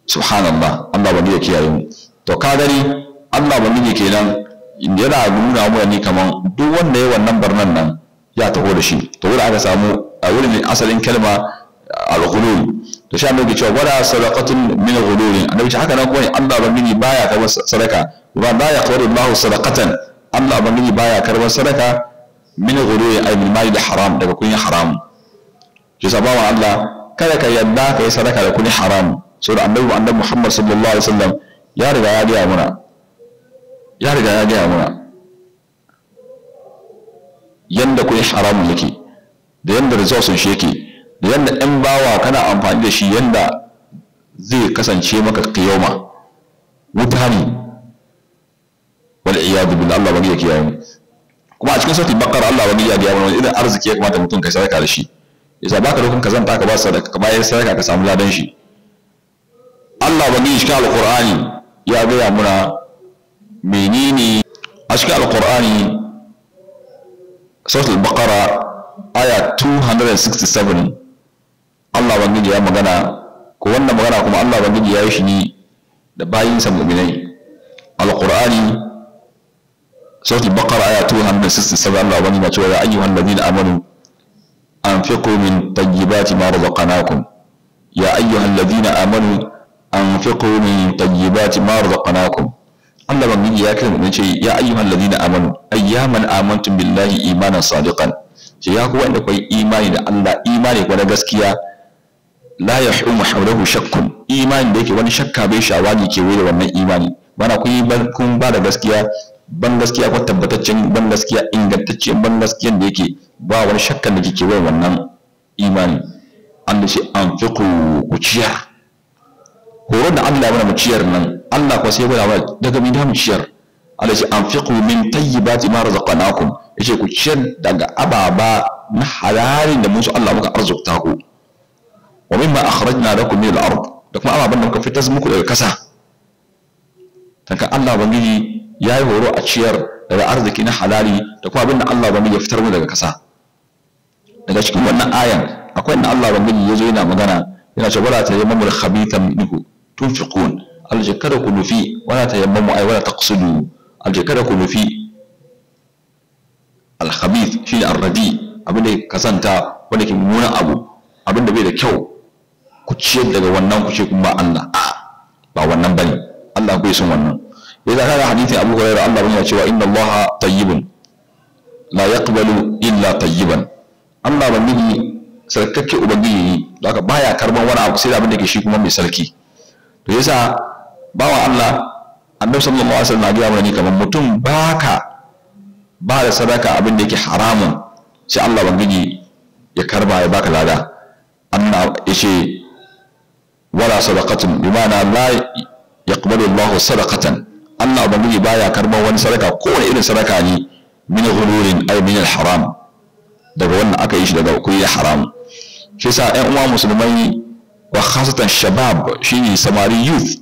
subhanallah Allah bani ya kiyaye mu to ka gani Allah ba miji kenan yana nuna mu ni kaman duk wanda ya wannan barnan nan ya taho da shi to wurin aka samu a wurin asalin kalma al-ghulul to sha annabi cewa wala sadaqatun min ghulul annabi ce haka nan kuma Allah ba miji baya karbar sadaka wa la yaqbalu Allah sadaqatan Allah ba miji baya karbar sadaka min ghulul ay min mali haram daga kunya haram shi sabawa Allah kada ka yadda ka yi sadaka da kunya haram saboda annabi annabi Muhammad sallallahu alaihi wasallam ya riga ya gaya muna ya riga ya gaya muna yanda kuɗin haramun yake da yanda resources shi yake da yanda ɗan bawa kana amfani da shi yanda zai kasance maka kiyoma wuta ne Wani iyadu billah Allah bari ya kiyaye mu kuma a cikin sautin bakar Allah wani ya biya wani idan arziki ya kamata mutum kai sadaka da shi sa baka lokacin ka zanta ka ba sadaka ka bayar sadaka ka samu ladan shi Allah wani shi ka alqur'ani ya gaya muna menene a cikin alkur'ani sautul bakara aya 267 Allah bangiji ya magana ko wannan magana kuma Allah bangiji ya yi shi ne da bayinsa mu'minai alkur'ani sautul bakara aya 267 Allah bangiji na cewa ya ayyuhan ladina amanu anfiqu min tayyibati ma razaqnakum ya ayyuhan ladina amanu anfiqu min tayyibati ma razaqnakum Allah bangiji ya kai mu ce ya ayyuhal ladina amanu ayyaman amantu billahi imanan sadiqan ce ya ku wanda kai imani da Allah imani kwa na gaskiya la yahumu hawlahu shakkun imani da yake wani shakka bai shawani ke wuri wannan imani bana kun kun ba da gaskiya ban gaskiya ko tabbataccen ban gaskiya ingantaccen ban gaskiyan da yake ba wani shakkan da ke wuri wannan imani Allah ce anfiqu ku ciya horon da Allah ya mana mu ciyar nan Allah kuwa sai ya gwada daga mi da mu ciyar Allah ce anfiqu min tayyibati ma razaqnakum yace ku ciyar daga ababa na halalin da musu Allah muka arzuta ku wa mimma akhrajna lakum min al-ard da kuma ababan da muka fitar muku daga kasa tanka Allah bangiji yayi horo a ciyar daga arziki na halali da kuma abin da Allah bangiji ya fitar mu daga kasa daga cikin wannan ayan akwai inda Allah bangiji yazo yana magana yana cewa wala tayyamamul khabitha minhu tunfiqun alje kada ku nufi wala tayammamu ay wala taqsidu alje kada ku nufi al-khabith shine ar-radi abin da kasanta wanda ke mummuna abu abin da bai da kyau ku ciyar daga wannan ku ce kun ba Allah a ba wannan bane Allah bai son wannan Ya zaka ga hadisi Abu Hurairah Allah yana cewa inna Allah tayyibun la yaqbalu illa tayyiban Allah ba miji sarkakke ubangiji ne zaka baya karban wani abu sai da abinda ke shi kuma mai sarki to yasa bawa Allah annabi sallallahu alaihi wasallam ya ni kaman mutum baka ba da sadaka abin da yake haramun sai Allah bangiji ya karba ya baka lada anna yace wala sadaqatun bi ma'ana la yaqbalu Allahu sadaqatan Allah bangiji baya karban wani sadaka ko kowane irin sadaka ne min hulurin ay min al-haram daga wannan aka yi shi daga ya haram shi sa ƴan uwa musulmai wa khasatan shabab shine samari youth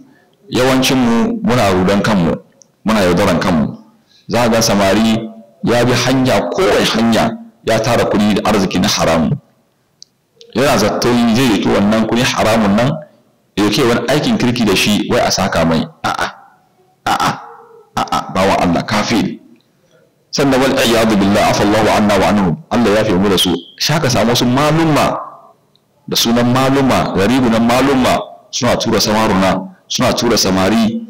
yawancin mu muna rudan kanmu muna yaudaran kanmu za ga samari ya bi hanya kowai hanya ya tara kuɗi da arziki na haramu yana zaton zai yi wannan kuɗin haramun nan ya wani aikin kirki da shi wai a saka mai a'a a'a a'a bawan Allah kafin sannan wal iyadu billah afallahu anna wa anhum Allah ya fi mu da su shaka samu su malumma da sunan maluma na maluma suna tura samaruna suna tura samari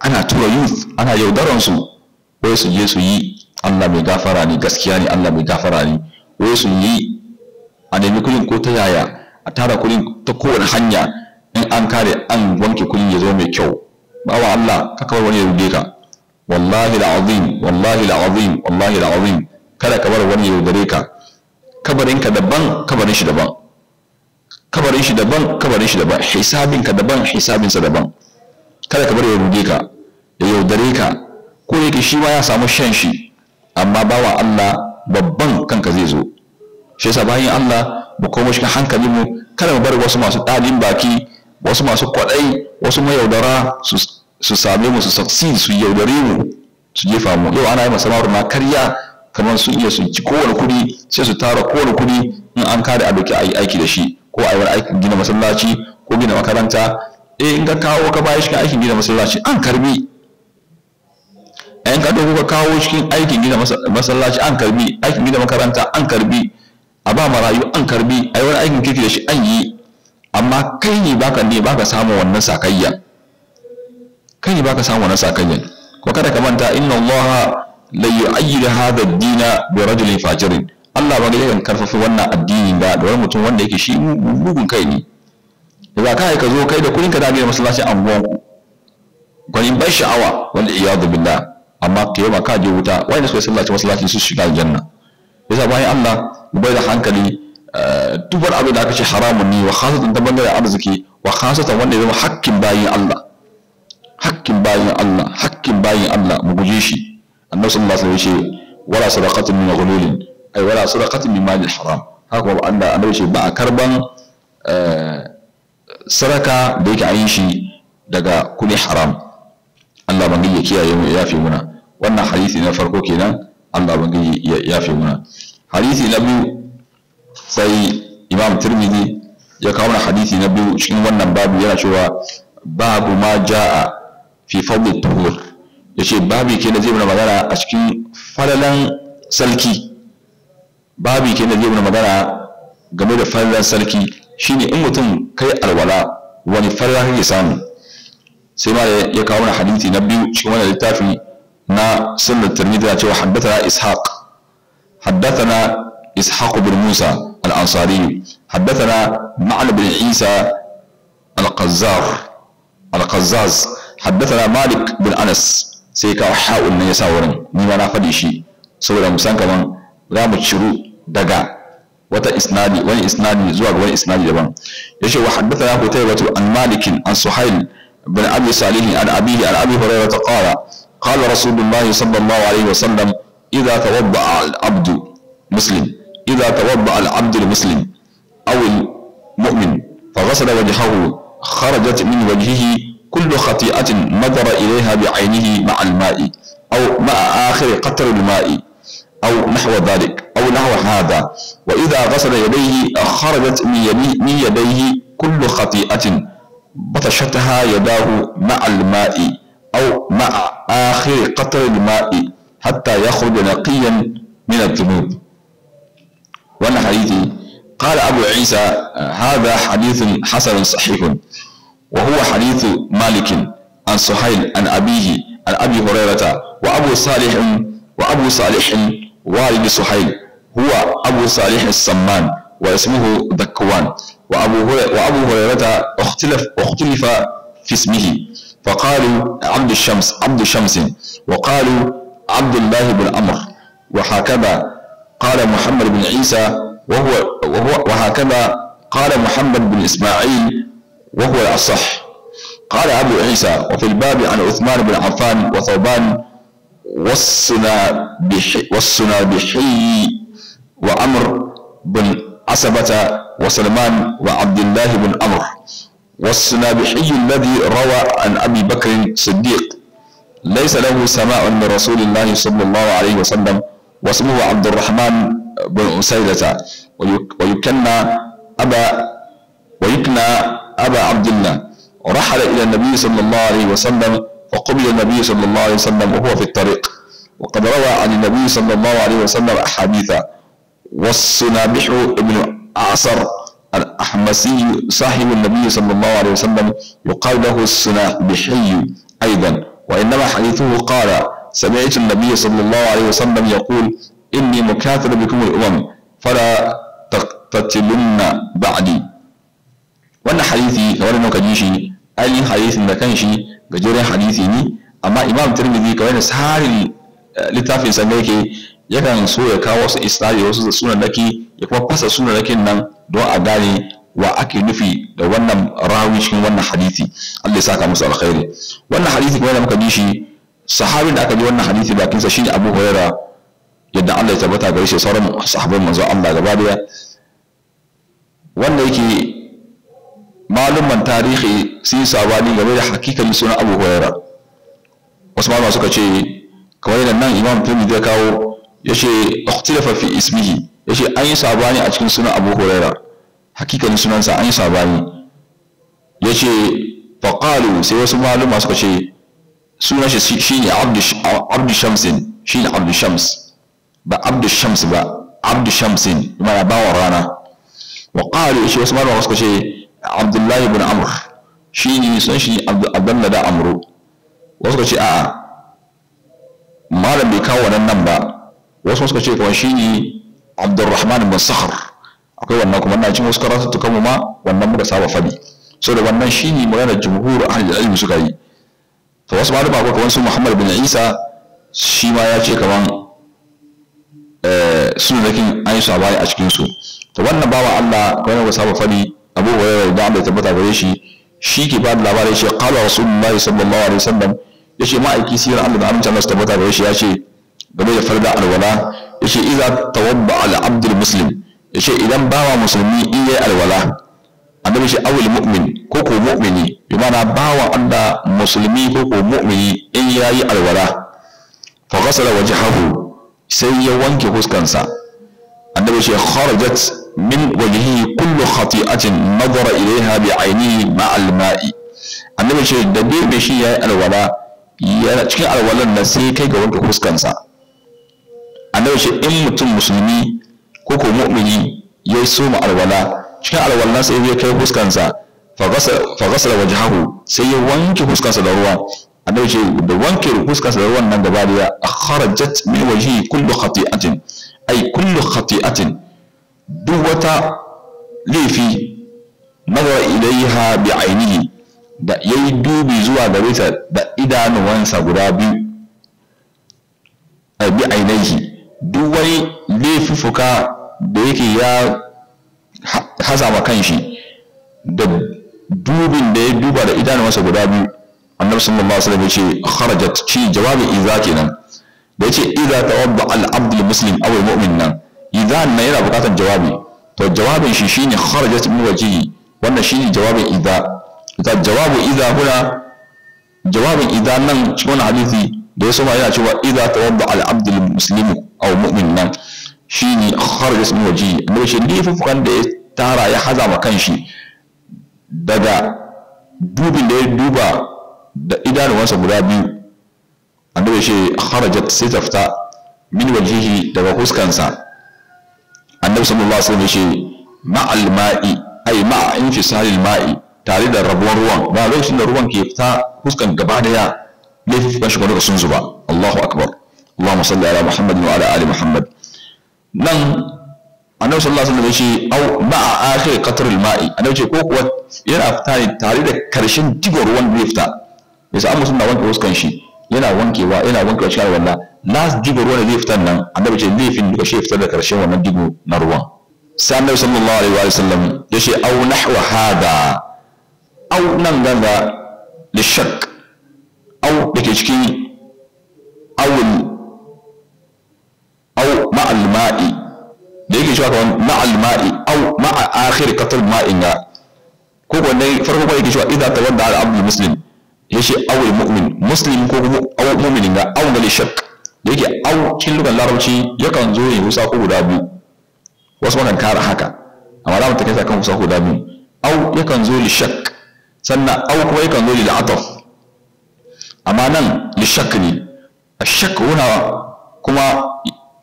ana tura youth ana yaudaransu wai su je su yi Allah mai gafara ne gaskiya ne Allah mai gafara ne wai su yi a nemi kudin ko ta yaya a tara kudin ta kowane hanya in an kare an wanke kudin ya zo mai kyau bawa Allah ka kawar wani ya rude ka wallahi azim wallahi azim wallahi azim kada ka bar wani ya rudare ka kabarinka daban kabarin shi daban kabarin shi daban kabarin shi daban hisabinka daban hisabinsa daban kada ka bari ya ruge ka da yaudare ka ko yake shi ma ya samu shan shi amma bawa Allah babban kanka zai zo shi yasa bayan Allah mu koma shi hankali mu kada mu bar wasu masu ɗalin baki wasu masu kwaɗayi wasu mayaudara su same mu su succeed su yaudare mu su jefa mu yau ana yi masamar na karya kamar su iya su ci kowane kuɗi sai su tara kowane kuɗi in an kare a doki aiki da shi ko a yi wani aikin gina masallaci ko gina makaranta E, in ka kawo ka bayar cikin aikin gina masallaci an karbi in ka dogo ka kawo cikin aikin gina masallaci an karbi aikin gina makaranta an karbi a ba marayu an karbi a yi wani aikin kirki da shi an yi amma kai ne baka ne baka samu wannan sakayya kai ne baka samu wannan sakayya ko kada ka manta inna allaha la yu'ayyidu hadha ad-dina bi rajulin fajirin Allah ba yakan karfafa wannan addini ba da wani mutum wanda yake shi mugun kai ne da za ka ka zo kai da kudin ka da gina masallacin anguwan ku gwanin ban sha'awa wanda iyadu billah amma ka yaba ka je wuta wanda suka sallaci masallacin su shiga aljanna yasa bayan Allah mu bai da hankali eh, dubar abin da aka ce haramun ne wa khasatan ta da arziki wa khasatan wanda ya zama hakkin bayin Allah hakkin bayin Allah hakkin bayin Allah mu guje shi annabi sallallahu alaihi wasallam ya ce wala sadaqatun min ghululin ai wala sadaqati min mali haram haka ba Allah annabi ce ba a karban saraka da yake ayin shi daga kuli haram Allah bangi ya kiyaye mu ya yafe muna wannan hadisi na farko kenan Allah bangi ya yafe muna hadisi na biyu sai Imam Tirmidhi ya kawo mana hadisi na biyu cikin wannan babu yana cewa babu ma jaa fi fadl tuhur yace babu kenan zai mana magana a cikin falalan salki babu ke da zai magana game da farar sarki shine in mutum kai alwala wani farar ya samu sai ma ya kawo mana hadisi na biyu cikin wannan littafi na sunan tirmidhi da cewa haddathana ishaq haddathana ishaq bin musa al-ansari haddathana ma'an bin isa al-qazzar al-qazzaz haddathana malik bin anas sai ka ha'un ne ya sa wurin ni ma na faɗi shi saboda musan kaman za mu ciru daga wata isnadi wani isnadi zuwa ga wani isnadi daban yace wa haddathana qutaybatu an malik an suhayl bin abi salih an abihi an abi hurairah qala qala rasulullah sallallahu alaihi wasallam idza tawadda'a al-abdu muslim idza tawadda'a al-abdu muslim aw al-mu'min faghasala wajhahu خرجت من وجهه كل خطيئة نظر إليها بعينه مع الماء أو مع آخر قطر الماء أو نحو ذلك أو نحو هذا وإذا غسل يديه خرجت من يديه كل خطيئة بطشتها يداه مع الماء أو مع آخر قطر الماء حتى يخرج نقيا من الذنوب وانا حديثي قال أبو عيسى هذا حديث حسن صحيح وهو حديث مالك عن سهيل عن أبيه عن أبي هريرة وأبو صالح وأبو صالح والد سحيل هو أبو صالح السمان واسمه ذكوان وأبو هريرة اختلف اختلف في اسمه فقالوا عبد الشمس عبد شمس وقالوا عبد الله بن أمر وهكذا قال محمد بن عيسى وهو, وهو وهكذا قال محمد بن إسماعيل وهو الأصح قال أبو عيسى وفي الباب عن عثمان بن عفان وثوبان وصنا بحي وصنا بحي وعمر بن عصبة وسلمان وعبد الله بن عمر وصنا بحي الذي روى عن أبي بكر الصديق ليس له سماع من رسول الله صلى الله عليه وسلم واسمه عبد الرحمن بن أسيدة ويكنى أبا ويكنى أبا عبد الله ورحل إلى النبي صلى الله عليه وسلم وقبل النبي صلى الله عليه وسلم وهو في الطريق وقد روى عن النبي صلى الله عليه وسلم أحاديث والصنابح ابن أعصر الأحمسي صاحب النبي صلى الله عليه وسلم يقال له الصنابحي أيضا وإنما حديثه قال سمعت النبي صلى الله عليه وسلم يقول إني مكاثر بكم الأمم فلا تقتتلن بعدي وأن حديثي كمان كجيشي أي حديث ما كانش gajeren hadisi ne amma imam tirmidhi kamar da tsarin eh, littafin sa yake yakan so ya kawo wasu isra'i wasu sunan daki ya kuma fasa sunan dakin nan don a gane wa ake nufi da wannan rawi cikin wannan hadisi Allah ya saka musu alkhairi wannan hadisi kuma da muka ji shi sahabin da aka ji wannan hadisi bakin sa shine Abu Hurairah yadda Allah ya tabbata gare shi sauran sahabban manzo Allah gaba daya wanda yake malumman tarihi sun yi sabani game da hakikalin sunan abu huraira wasu ma suka ce kamar yadda nan imam turmi zai kawo ya ce ikhtilafa fi ismihi ya ce an yi sabani a cikin sunan abu huraira hakikalin sunansa an yi sabani ya ce faƙalu sai wasu maluma suka ce sunan shi shi ne abdu shamsin shi ne shams ba abdu shams ba abdu shamsin mana bawan rana wa ƙalu ya wasu maluma suka ce abdullahi ibn amr shi ne sun shi Abdullahi da amru wasu ka ce a'a malam bai kawo wannan nan ba wasu suka ce kuma shi ne abdurrahman ibn sahr akwai wannan kuma na cin wasu karatu ta kuma ma wannan muka saba fadi so da wannan shi ne magana jumhur ahli ilmi suka yi to wasu malama ko kuma sun muhammad bin isa shi ma ya ce kaman eh, sunan an yi sabani a cikin su to wannan bawa Allah ne yadda saba fadi abu hurairah da Allah tabbata gare shi shi ke bada labarin shi qala rasulullahi sallallahu alaihi wasallam yace ma'aiki sirr Allah da amince Allah tabbata gare shi yace game da farda alwala yace idza ta al abd al muslim yace idan bawa musulmi in yayi alwala annabi shi awil mu'min ko ko mu'mini bi mana bawa Allah musulmi ko ko mu'mini in yayi alwala fa ghasala wajhahu sai ya wanke fuskansa annabi shi kharajat min wajhihi kullu khati'atin nazara ilaiha bi ainihi ma al ma'i annabi ce da duk mai shi yayi alwala yana cikin alwalan nan sai kai ga wanke fuskansa annabi ce in mutum musulmi ko ko mu'mini ya soma alwala cikin alwalan sai ya kai fuskansa fa ghasala wajhahu sai ya wanke fuskansa da ruwa annabi ce da wanke fuskarsa da ruwan nan gaba da akharajat min wajhi kullu khati'atin ay kullu khati'atin duk wata laifi nazara ilaiha bi ainihi da ya yi dubi zuwa gare ta da idanuwansa guda biyu eh, bi ainihi duk wani fuka da yake ya hazama kanshi da dubin da ya duba da idanuwansa guda biyu annabi sallallahu alaihi wasallam ce kharajat ci jawabi idza kenan da yace ce tawadda al abd al muslim aw al mu'min nan idan na yana buƙatar jawabi to jawabin shi shine kharajat min wajhi wannan shine jawabin idan ga jawabu idan huna jawabin idan nan cikin hadisi da ya soma yana cewa idan tawadda al abd al muslim aw mu'min nan shine kharajat min wajhi annabi shi lifufukan da ya tara ya hazama kanshi daga dubin da ya duba da idanuwansa guda biyu annabi shi kharajat sai ta fita min wajhihi daga huskansa annabi sallallahu alaihi wasallam yace ma'al ma'i ai ma'a infisalil ma'i tare da rabuwar ruwan ba lokacin da ruwan ke fita huskan gaba daya laifin shi gwada sun zuba Allahu akbar Allahumma salli ala Muhammad wa ala ali Muhammad nan annabi sallallahu alaihi wasallam yace au ma'a akhir qatr al ma'i annabi ce ko kuwa yana fita tare da karshen digon ruwan da ya fita yasa an musulma wanke huskan shi yana wankewa yana wankewa shi alwala last digo ruwan zai fitar nan annabi ce laifin duka shi fitar da karshen wannan digo na ruwan sai annabi sallallahu alaihi wa sallam ya ce au nahwa hada au nan ganga li shak au da ke cikin awul au ma'al ma'i da yake cewa kawai ma'al ma'i au ma'a akhir qatar ma'in ga ko ko dai farko ko yake cewa idza tawadda al abdu muslim yace awai mu'min muslim ko kuma awil mu'min ga awil gal shak da yake aw cikin lugar larabci yakan zo ya husa ko guda biyu wasu wannan kara haka amma za mu take sa kan husa ko guda biyu aw yakan zo li shak sannan aw kuma yakan zo li ataf amma nan li shak ne shak wuna kuma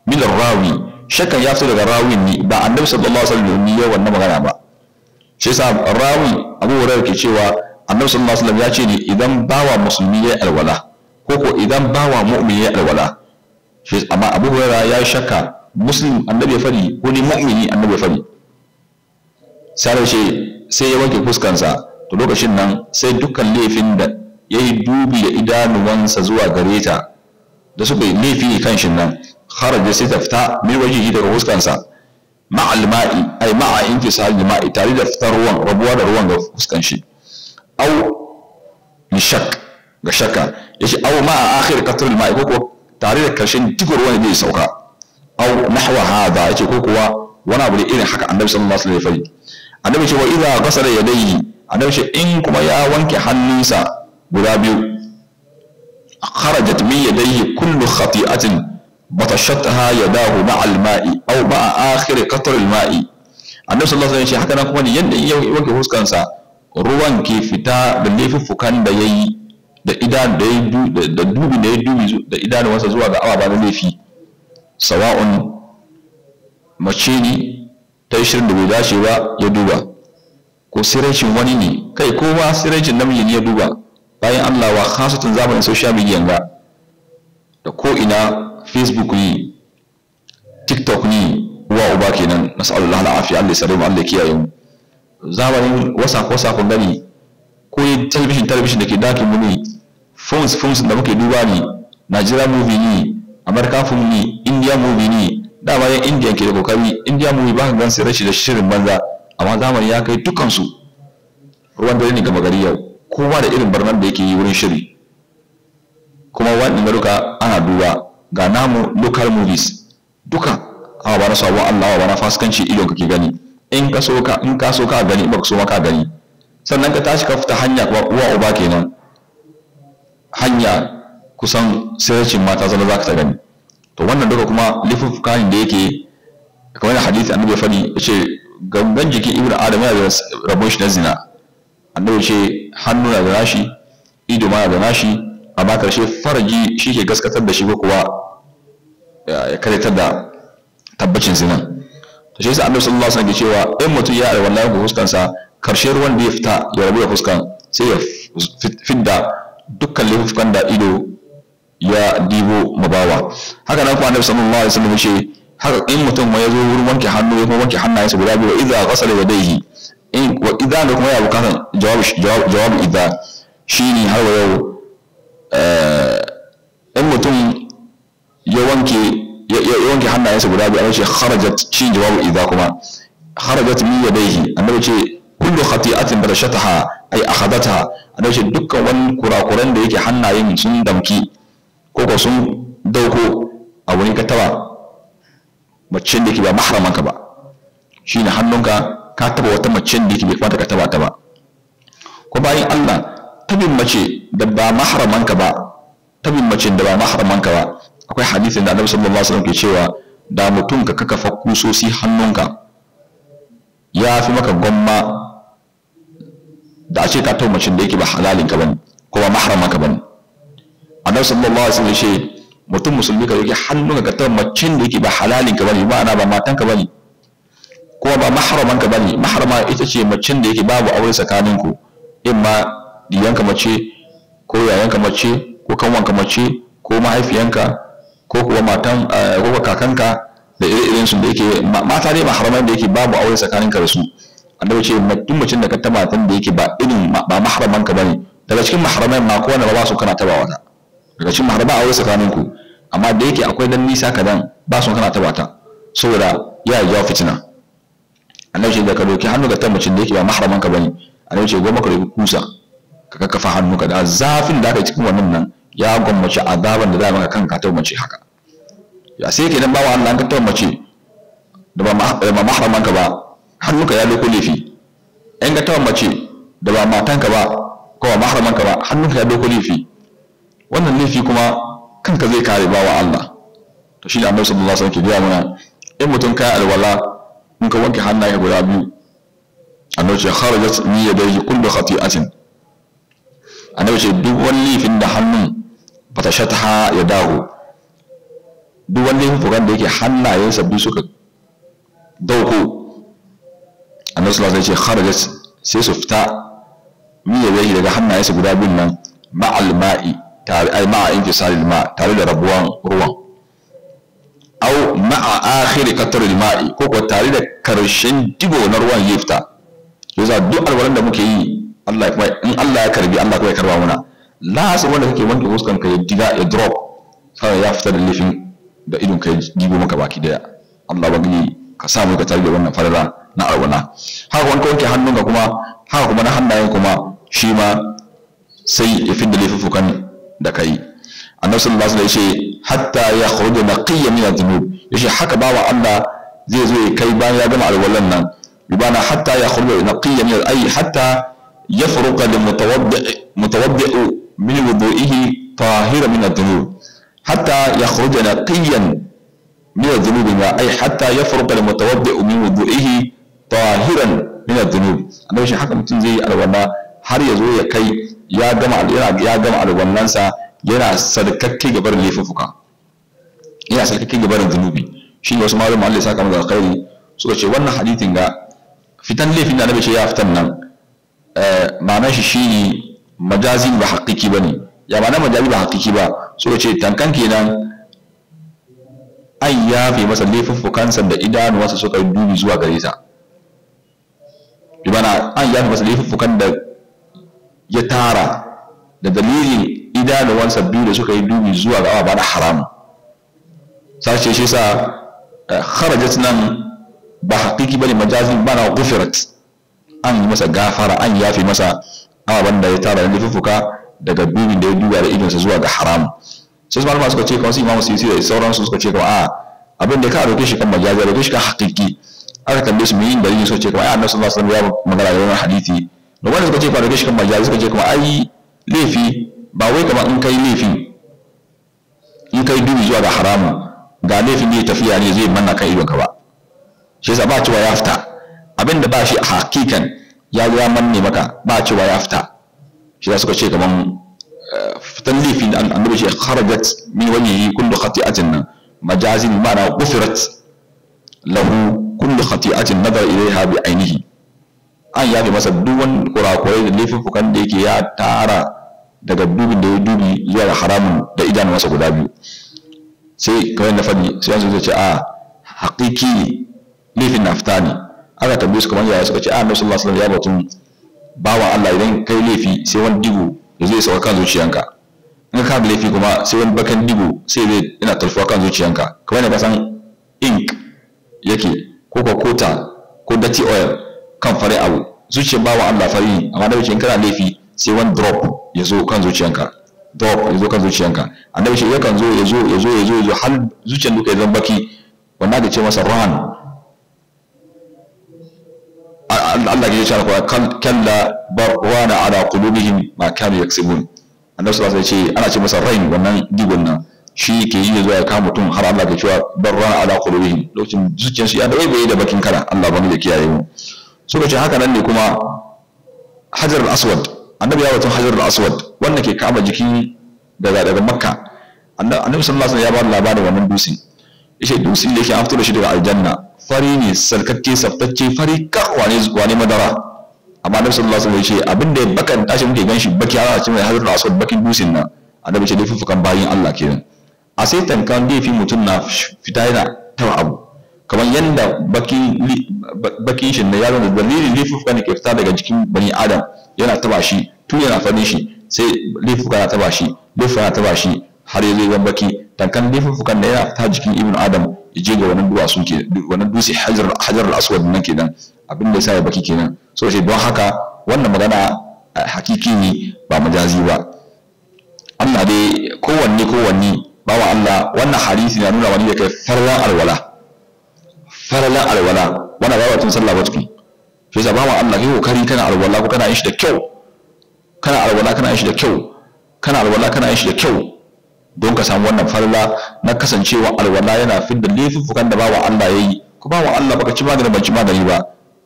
min rawi shakkan ya fito daga rawin ne ba annabi sallallahu alaihi wasallam ne ya wannan magana ba shi yasa rawi abu hurairah ke cewa annabi sallallahu alaihi wasallam ya ce ne idan bawa musulmi ya alwala ko ko idan bawa mu'min ya alwala shi amma Abu Hurairah ya shakka muslim annabi ya fari ko ni mu'mini annabi ya fari sai ce sai ya wanke fuskansa to lokacin nan sai dukkan laifin da ya yi dubi da idanuwansa zuwa gare ta da suka yi laifi ne kan shin nan kharaja sai ta fita waje yi daga fuskansa ma'al ma'i ai ma'a intisal ma'i tare da fitar ruwan rabuwa da ruwan ga fuskan shi aw ni shak ga shakka ce aw ma a akhir qatr ma'i ko tare da karshen digor wani zai sauka aw nahwa hada ce ko kuwa wani abu ne irin haka annabi sallallahu alaihi wasallam annabi ce wa idza ghasala yadayhi annabi ce in kuma ya wanke hannunsa guda biyu kharajat min yadayhi kullu khati'atin batashatha yadahu ma'a al-ma'i aw ma'a akhir qatr al-ma'i annabi sallallahu alaihi wasallam ce haka nan kuma ne yanda ya wanke huskansa ruwan ke fita da laifuffukan da ya yi da idan da ya dubi da ya dubi zuwa ga awa na laifi sawa'un mace ne ta yi shirin da bai dace ba ya duba ko sirancin wani ne kai ko ba sirancin namiji ne ya duba bayan Allah wa khasatun zamanin social media ga da ko ina facebook ne tiktok ne uwa uba kenan nasallallahu alaihi wa sallam Allah ya kiyaye mu zamanin wasa ko sakon gani ko talabishin talabishin da ke dakin mu ne films films da muke duba ne Najeriya movie ne america film ne India movie ne dama yan India ke da kokari India movie ba ka gan sai rashi da shirin banza amma zamani ya kai dukansu ruwan dare ne gama gari yau kowa da irin barnar da yake yi wurin shiri kuma wani na duka ana duba ga namu local movies duka awa ba na sabuwa Allah awa ba na fasikanci idon kake gani in ka so ka in ka so ka gani ba ka so ka gani sannan ka tashi ka fita hanya uwa uba kenan hanya kusan sirrin mata zama zaka ta gani to wannan duka kuma lifuffukan da yake kamar hadisi annabi fadi yace ya ce gangan jikin ibnu adam ya da shi na zina annabi ce hannu na da nashi ido ma na da nashi amma karshe farji shi ke gaskatar da shi ko kuwa ya karatar da tabbacin zinan shi yasa annabi sallallahu alaihi wasallam ke cewa in mutum ya yi alwala fuskan sa karshe ruwan da ya fita ya rabu fuskan sai ya fidda dukkan laifukan da ido ya dibo mabawa haka nan kuma annabi sallallahu alaihi wasallam ce haka in mutum ma ya zo wurin wanke hannu ya kuma wanke hannayensa guda biyu idza ghasala yadayhi in wa idza da kuma ya bukata jawab jawab idza shine har wa yau eh, in mutum ya wanke ya wanke hannayensa guda biyu annabi ce kharajat shi jawabu idza kuma kharajat min yadayhi annabi ce kullu khati'atin barashataha ay akhadatha annabi ce dukkan wani kurakuran da yake hannayen sun damki ko ko sun dauko a wani ka taba da yake ba mahramanka ba shine hannunka ka taba wata mace da yake bai kamata ka taba ta ba ko bayan Allah tabin mace da ba mahramanka ba tabin mace da ba mahramanka ba akwai hadisin da annabi sallallahu alaihi wasallam ke cewa da mutum ka kakafa kusosi hannunka ya fi maka gwamma da a ce ka taumacin da yake ba halalin ka bane ko ba mahrama ka bane annabi sallallahu alaihi wasallam ce mutum musulmi ka yake hannunka ka taumacin da yake ba halalin ka bane ma'ana ba matan ka bane ko ba mahraman ka bane mahrama ita ce macin da yake babu aure tsakanin ku in ma diyanka mace ko yayanka mace ko kanwanka mace ko mahaifiyanka ko kuwa matan eh, ko kakanka da irin su da yake mata dai mahramai da yake babu aure tsakaninka da su annabi ce mutum mutum da ka taba matan da yake ba irin ba mahraman ka bane daga cikin mahramai ma kowanne ba su kana taba wata daga cikin mahraba aure tsakaninku amma da yake akwai dan nisa kadan ba su kana taba ta saboda ya jawo fitina annabi ce da ka doki hannu ga mutum da yake ba mahraman ka bane annabi ce goma ka doki kusa ka kakkafa hannu ka da zafin da aka cikin wannan nan ya gwammace azaban da za maka kanka ta mace haka ya sai ke nan bawa Allah ka ta mace da ba mahraman ka ba hannuka ya doko laifi in ka ta mace da ba matan ka ba ko ba mahraman ka ba hannuka ya doko laifi wannan laifi kuma kanka zai kare bawa Allah to shi ne Annabi sallallahu alaihi wasallam ke gaya mana in mutum kai alwala in ka wanke hannaye guda biyu annabi ce kharajat min yadayhi kullu khati'atin annabi ce duk wani lifin da hannun shata ya dawo. duk wani fukan da yake hannayen sabbi suka dauko annabi sallallahu alaihi wasallam ya ce kharajat sai su fita miyar shi daga hannayensa guda biyun nan ma'al ma'i tare ai ma'a sa ma tare da rabuwan ruwan au ma'a akhiri qatrul ma'i ko ko tare da karshen digo na ruwan ya fita yasa duk alwaran da muke yi Allah in Allah ya karbi Allah kuma ya karba muna Lasa wanda kake wanke fuskan ka ya ya drop sai ya fita da laifin da idon ka ya gibo maka baki daya Allah gani ka sa mu ka tarbiya wannan farara na arwana haka wanka wanke hannunka kuma haka kuma na hannayen kuma shi ma sai ya fidda laifukan da kai annabi sallallahu alaihi wasallam yace hatta ya khuruja naqiyya min adh-dhunub yace haka bawa Allah zai zo ya kai bayan ya gama alwalan nan bibana hatta ya khuruja naqiyya min ay hatta yafruqa lil mutawaddi mutawaddi من وضوئه طاهرا من الذنوب حتى يخرج نقيا naqiyan الذنوب adh-dhunub ay hatta yafruqa al-mutawaddi'u min wudu'ihi tahiran min adh-dhunub annabi shi haka mutum zai yi alwala har ya zo ya kai ya gama ya gama alwallansa yana sarkakke gabar yana sarkakke gabar zunubi shi ne wasu malama Allah ya saka alkhairi ce wannan hadithin ga fitan laifin da bai ce ya fitan nan eh, ma'anar shi majazi ba haƙiƙi ba ne ya ba na majazi ba haƙiƙi ba so ce tankan kenan an yafe masa laifuffukansa da idanuwansa suka yi dubi zuwa gare ta bimana an yafe masa laifuffukan da ya tara da dalilin idanuwansa biyu da suka yi dubi zuwa ga ba na haram sashe shi sa eh, kharajat nan ba haƙiƙi majazi ba bana gufirat an yi masa gafara an yafe masa ababen da ya tara na laifuka daga dubin da ya duba da idonsa zuwa ga haram sai malama suka ce kamar su imamu sisi da sauransu suka ce kamar a abin da ka roke shi kan majazi roke shi kan haƙiƙi aka kalle su yin dalili suka ce kamar ai annabi sallallahu alaihi wasallam ya magana da wannan hadisi da wanda suka ce ba roke shi kan majazi suka ce kamar ai laifi ba wai kamar in kai laifi in kai dubi zuwa ga haramu ga laifin ne tafiya ne zai manna kan idonka ba shi yasa ba cewa ya fita abin da ba shi hakikan ya ya manne maka ba cewa ya fita shi za suka ce gaban eh, fitan laifin annabi ce kharajat min yi kullu khati'atin nan majazin ma'ana gufirat lahu kullu khati'atin nadar ilaiha bi ainihi an yafe masa duwan kurakurai da laifin da yake ya tara daga dubin da ya dubi zuwa da haramun da idanu masa guda biyu sai kawai na faɗi sai yanzu zai ce a haƙiƙi laifin na fita ne aka tambaye su kamar yaya suka ce a ah, annabi sallallahu alaihi wasallam ya batun bawa Allah idan kai laifi sai wani digo da zai sauka kan zuciyanka in ka laifi kuma sai wani bakan digo sai zai yana tarfuwa kan zuciyanka kamar yadda san ink yake ko ka kota ko dirty oil kan fare abu zuciyar bawa Allah fari amma da wuce in kana laifi sai wani drop ya zo kan zuciyanka drop ya zo kan zuciyanka annabi shi yakan zo ya zo ya zo ya zo har zuciyar duka ya zama baki wannan da ce masa ruhan Allah ya ce alƙur'ani kalla barwana ala qulubihim ma kanu yaksibun annabi sallallahu alaihi wasallam ya ce ana ce masa rain wannan digon nan shi ke yi zuwa ya kama mutum har Allah ke cewa barra ala qulubihim lokacin zuciyar shi ya dawo bai da bakin kara Allah bani da kiyaye mu ka ce haka nan ne kuma hajar aswad annabi ya watan hajar aswad wannan ke kama jiki daga daga makka annabi sallallahu alaihi wasallam ya ba labarin wannan dusi yace dusi da yake an da shi daga aljanna fari ne sarkakke sabtacce fari kar wane madara amma nabi sallallahu alaihi wasallam ya ce abin da ya bakan tashi muke ganshi baki har mai hazrul aswad baki dusin nan annabi ce laifin fukan bayin Allah kenan a sai tankan laifin mutum na fita yana taba abu kamar yadda baki shi na yaron da dalilin laifin fukan da ke fita daga jikin bani adam yana taba shi tun yana farin shi sai laifin fukan na taba shi laifin na taba shi har ya zo baki tankan laifin fukan da yana fita jikin ibn adam yaje ga wannan duwatsu ke wannan dusi hajar al-aswad nan kenan abin da yasa ya baki kenan so shi don haka wannan magana eh, hakiki ne ba majazi ba Allah dai kowanne kowanne bawa Allah wannan hadisi na nuna wani da kai farlan alwala farlan alwala wannan ba wata sallah ba tuki shi yasa bawa Allah kai kokari kana alwala ko kana yin shi da kyau kana alwala kana yin shi da kyau kana alwala kana yin shi da kyau don ka samu wannan falala na kasancewa alwala yana fidda laifuffukan da bawa Allah ya yi ko bawa Allah baka ci magana ban ci magani ba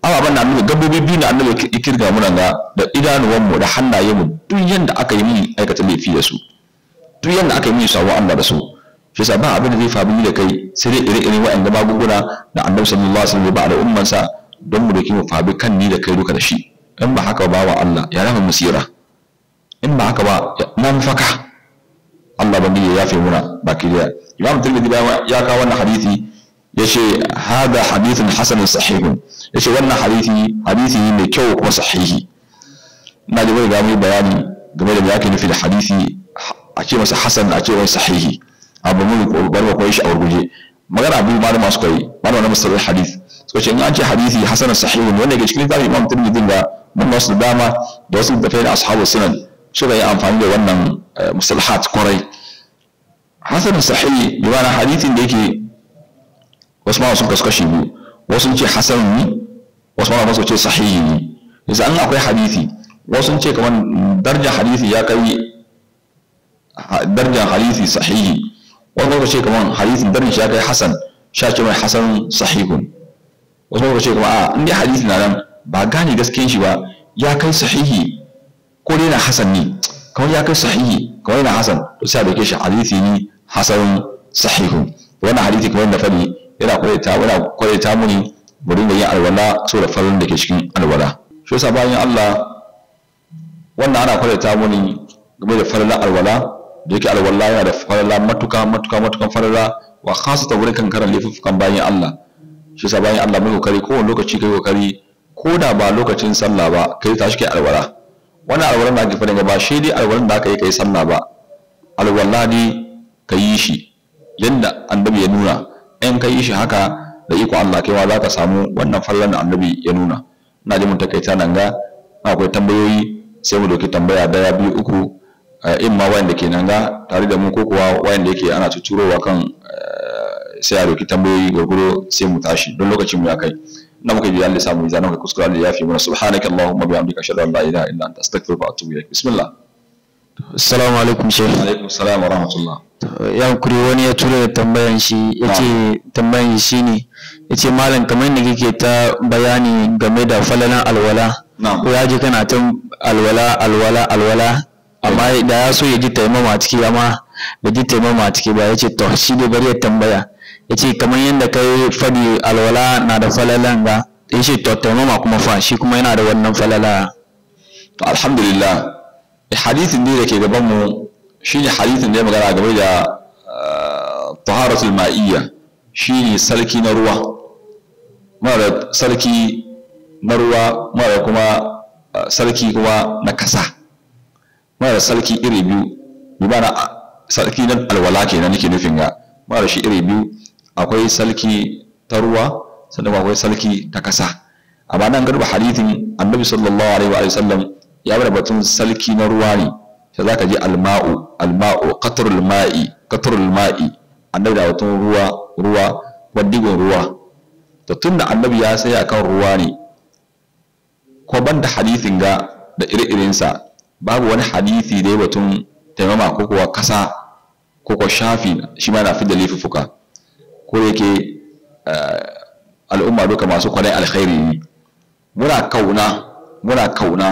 ababen nan annabi gabobi biyu na annabi ya kirga nan ga da idanuwanmu da mu duk yanda aka yi mini aikata laifi da su duk yanda aka yi mini sawo Allah da su shi yasa ba abin da zai faru da kai sai dai ire-iren waɗanda magunguna da annabi sallallahu alaihi wasallam ba da ummansa don mu da mu fabi kan ni da kai duka da shi in ba haka ba wa Allah ya rafa musira in ba haka ba na faka. Allah ban ya yafe muna baki da Imam Tirmidhi ya kawo wannan hadisi yace hada hadithun hasanun sahihun yace wannan hadisi hadisi ne mai kyau kuma sahihi na da wani gamu bayani game da me ake nufi da hadisi a ce masa hasan a ce wani sahihi abu mun bar ba koyi shi a wurguje magana biyu malama suka yi malama na musallar hadis suka ce in an ce hadisi hasanun sahihun wanda ke cikin tarihi Imam Tirmidhi da mun wasu dama da wasu da fayyana ashabu sunan shi bai amfani da wannan eh, musalhat kwarai hasan sahihi bi wani hadithin da yake wasu ma sun kasu kashi biyu wasu ce hasan ne wasu ma sun ce sahihi ne yanzu an akwai hadithi wasu ce kamar darja hadithi ya kai darja hadithi sahihi wasu ma ce kamar hadithin darja shi ya kai hasan sha ce mai hasan sahihun wasu ma ce kamar a inda hadithi na nan ba gane gaskiyan shi ba ya kai sahihi ko dai na hasan ne kawai ya kai sahihi kawai na hasan to sai a dauke shi hadisi ne hasan sahihu wannan hadisi kamar da fadi yana kwareta yana kwareta muni mu dinga yin alwala saboda farin da ke cikin alwala shi yasa bayan Allah wannan ana kwareta muni game da farin alwala da yake alwala yana da farin matuka matuka matukan farin wa khasatan wurin kankaran laifukan bayan Allah shi yasa bayan Allah mu kokari kowane lokaci kai kokari ko da ba lokacin sallah ba kai tashi kai alwala wannan alwalan da aka fadin ba shi dai alwalan da aka yi kai sanna ba alwala ne ka yi shi yadda annabi ya nuna in ka yi shi haka da iko Allah kaiwa za ka samu wannan fallan da annabi ya nuna ina ji mun takaita nan ga akwai tambayoyi sai mu doki tambaya daya biyu uku eh, in ma wayanda ke nan ga tare da mu ko kuwa wayanda yake ana tuturowa kan eh, sai a doki tambayoyi gurguro sai mu tashi don lokacin mu ya kai na muka biya Allah samu zanen ka kuskura da yafi mana subhanaka allahumma bihamdika ashhadu an la ilaha illa anta astaghfiruka wa atubu ilaik bismillah Salamu alaikum sheikh alaikum salamu wa rahmatullah ya kuri wani ya tura da tambayan shi ya ce tambayan shi ne ya ce malam kamar da kike ta bayani game da falalan alwala ko ya ji kana ta alwala alwala alwala amma da ya so ya ji taimama ciki amma bai ji taimama a ciki ba ya yace to shi ne bari ya tambaya yace kamar yadda kai fadi alwala na da falalan ga yace to taimama kuma fa shi kuma yana da wannan falala to alhamdulillah hadisin da ke gaban mu shine hadisin da ya magana game da eh, taharatul ma'iyya shine sarki na ruwa mara sarki na ruwa mara kuma eh, sarki kuma na kasa mara sarki iri biyu bi ma'ana sarki na alwala kenan nake nufin ga mara shi iri biyu akwai salki ta ruwa sannan akwai salki ta kasa amma nan garba hadithin annabi sallallahu alaihi wa sallam ya bar batun salki na ruwa ne sai zaka ji alma'u alma'u qatrul ma'i qatrul ma'i annabi da batun ruwa ruwa wadigon ruwa to tunda annabi ya sai akan ruwa ne ko banda hadithin ga da ire sa, babu wani hadithi da ya batun taimama ko kuwa kasa ko ko shafi shi ma na fi da laifuffuka ko yake eh, al'umma duka masu kwanai alkhairi ne muna kauna muna kauna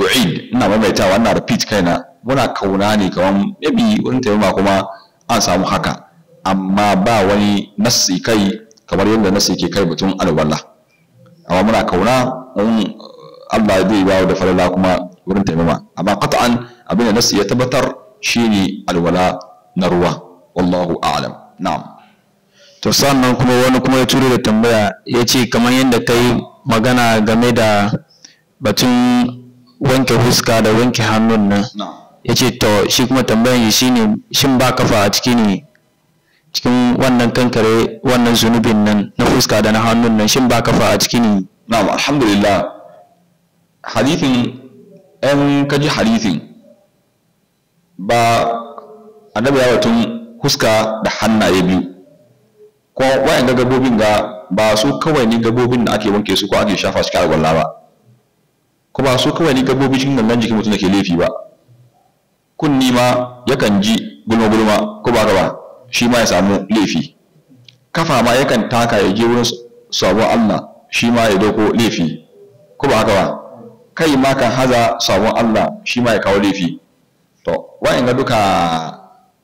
u'id ina maimaitawa ina repeat kaina muna kauna ne kamar maybe wurin taimama kuma an samu haka amma ba wani nassi kai kamar yadda nassi ke kai mutum alwala amma muna kauna in Allah zai ba da falala kuma wurin taimama amma qat'an abin da nassi ya tabbatar shine alwala na ruwa wallahu a'lam na'am to sannan kuma wani kuma ya turo da tambaya ya ce kamar yadda ka yi magana game da batun wanke huska da wanke hannun nan ya ce to shi kuma tambayan shi ne shin ba kafa a ciki ne cikin wannan kankare wannan zunubin nan na fuska da na hannun nan shin ba kafa a ciki ne na'am alhamdulillah hadithin ɗan kaji hadithin ba annabi ya batun huska da hannaye biyu ko wa'anda gabobin ga ba su kawai ne gabobin da ake wanke su ko ake shafa cikin gwalla ba ko ba su kawai ne gabobin cikin gangan jikin mutum da ke laifi ba kunni ma yakan ji gulma gulma ko ba ba shi ma ya samu laifi kafa ma yakan taka ya je wurin sabon Allah shi ma ya dauko laifi ko ba haka ba kai ma kan haza sabon Allah shi ma ya kawo laifi to wa'anda duka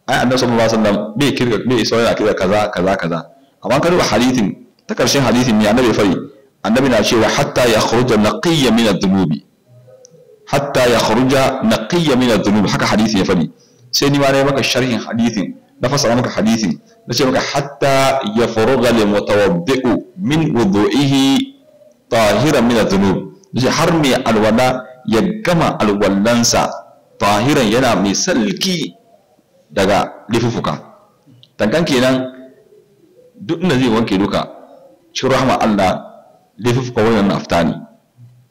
ai annabi sallallahu alaihi wasallam bai kirga bai sauya kaza kaza kaza amma ka duba hadithin ta karshen hadithin ne annabi fari annabi na cewa hatta ya kharuja naqiyya min adh-dhunubi hatta ya kharuja naqiyya min adh-dhunubi haka hadithin ya fari sai ni ma na maka sharhin hadithin na fasara maka hadithin na ce maka hatta ya faruga li mutawaddi'u min wudu'ihi tahiran min adh-dhunub har mai alwala ya gama alwallansa tahiran yana mai salki daga lifufuka tankan kenan duk inda zai wanke duka cikin rahama Allah laifuffuka wannan nafta ne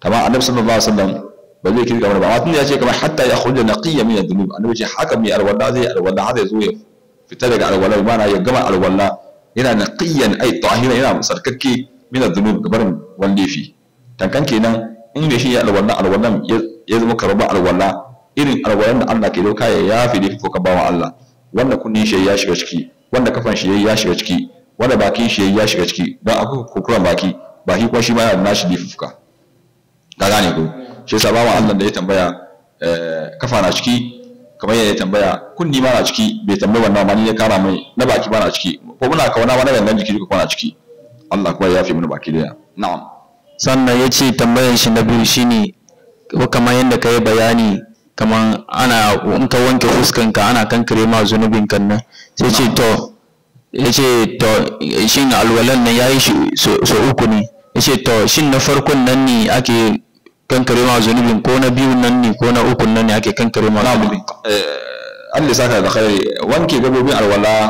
Kama annabi sallallahu alaihi wasallam ba zai kirga wani ba amma ya ce kamar hatta ya khurja naqiyya min adh-dhunub annabi ce haka mai alwala zai alwala har zai zo ya fita daga alwala ba ma'ana ya gama alwala yana naqiyyan ai tahira yana musarkake min adh-dhunub gabarin wani laifi tankan kenan in da shi ya alwala alwalan ya zama karba alwala irin alwalan da Allah ke doka ya yafi laifuka wa Allah wanda kunni shi ya shiga ciki wanda kafan shi ya shiga ciki wanda bakin shi ya shiga ciki don akwai kukuran baki baki kuma shi ma yana da nashi lifuffuka ka gane ko shi yasa bawan Allah da ya tambaya eh, kafa na ciki kamar yadda ya tambaya kunni ma na ciki bai tambayi wannan ma ni ya kara mai na baki ba na ciki ko muna kauna ma na gangan jiki duka kwana ciki Allah kuma ya fi mun baki daya na'am sannan ya ce tambayan shi na biyu shine kamar yadda ka yi bayani kamar ana in ka wanke fuskanka ana kankare ma zunubin kan nan sai ce to ya ce to shin alwalan nan ya yi shi so uku ne ya ce to shin na farkon nan ne ake kankare ma zunubin ko na biyu nan ne ko na uku nan ne ake kankare ma zunubin eh, Allah saka da khairi wanke gabobin alwala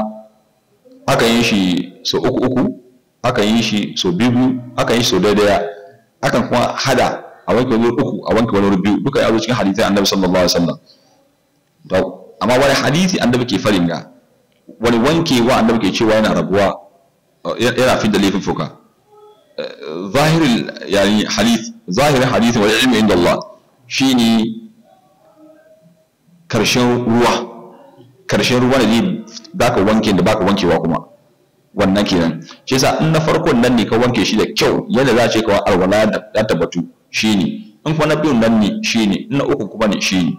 aka yi shi so uku uku aka yi shi so biyu aka yi so daidaya akan kuma hada a wanke wani uku a wanke wani biyu duka ya zo cikin hadisi annabi sallallahu alaihi wasallam amma wani hadisi annabi ke farin ga wani wanke wa annab ke cewa yana rabuwa uh, yana fi da laifuffuka uh, zahirin yani hadith zahirin hadith wal ilmi inda Allah shine karshen ruwa karshen ruwa ne baka wanke da baka wankewa kuma wannan kenan shi yasa in na farkon nan ne ka wanke shi da kyau yadda za a ce ka alwala da tabbatu shine in kuma na biyun nan ne shine in na uku kuma ne shine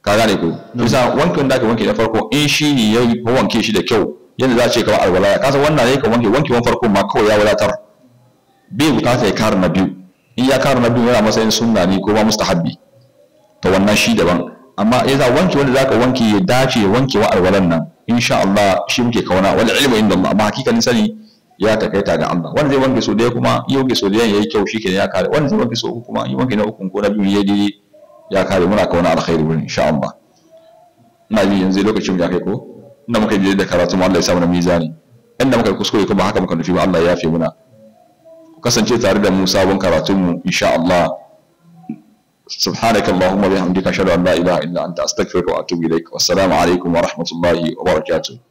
ka gane ko bisa wankin da ka wanke da farko in shi ne ya wanke shi da kyau yadda za a ce kamar alwala ka san wannan ne ka wanke wanke wani farko ma kawai ya wadatar bai bukata ya kara na biyu in ya kara na biyu yana matsayin sunna ne ko ma mustahabbi Ta wannan shi daban amma ya za wanke wanda za ka wanke ya dace ya wanke wa alwalan nan insha Allah shi muke kauna wani ilimin inda Allah amma hakikanin sani ya takaita ga Allah wanda zai wanke so daya kuma ya wanke so daya yayi kyau shikenan ya kare wanda zai wanke so uku kuma ya wanke na uku ko na biyu yayi daidai ya kare muna ka wani alkhairi wurin insha Allah ina ji yanzu lokacin ya kai ko inda muka je da karatu mu Allah ya samu na mizani inda muka kuskure kuma haka muka nufi ba Allah ya yafe muna ku kasance tare da mu sabon karatun mu insha Allah سبحانك اللهم وبحمدك اشهد ان لا اله الا انت استغفرك واتوب اليك والسلام عليكم ورحمه الله وبركاته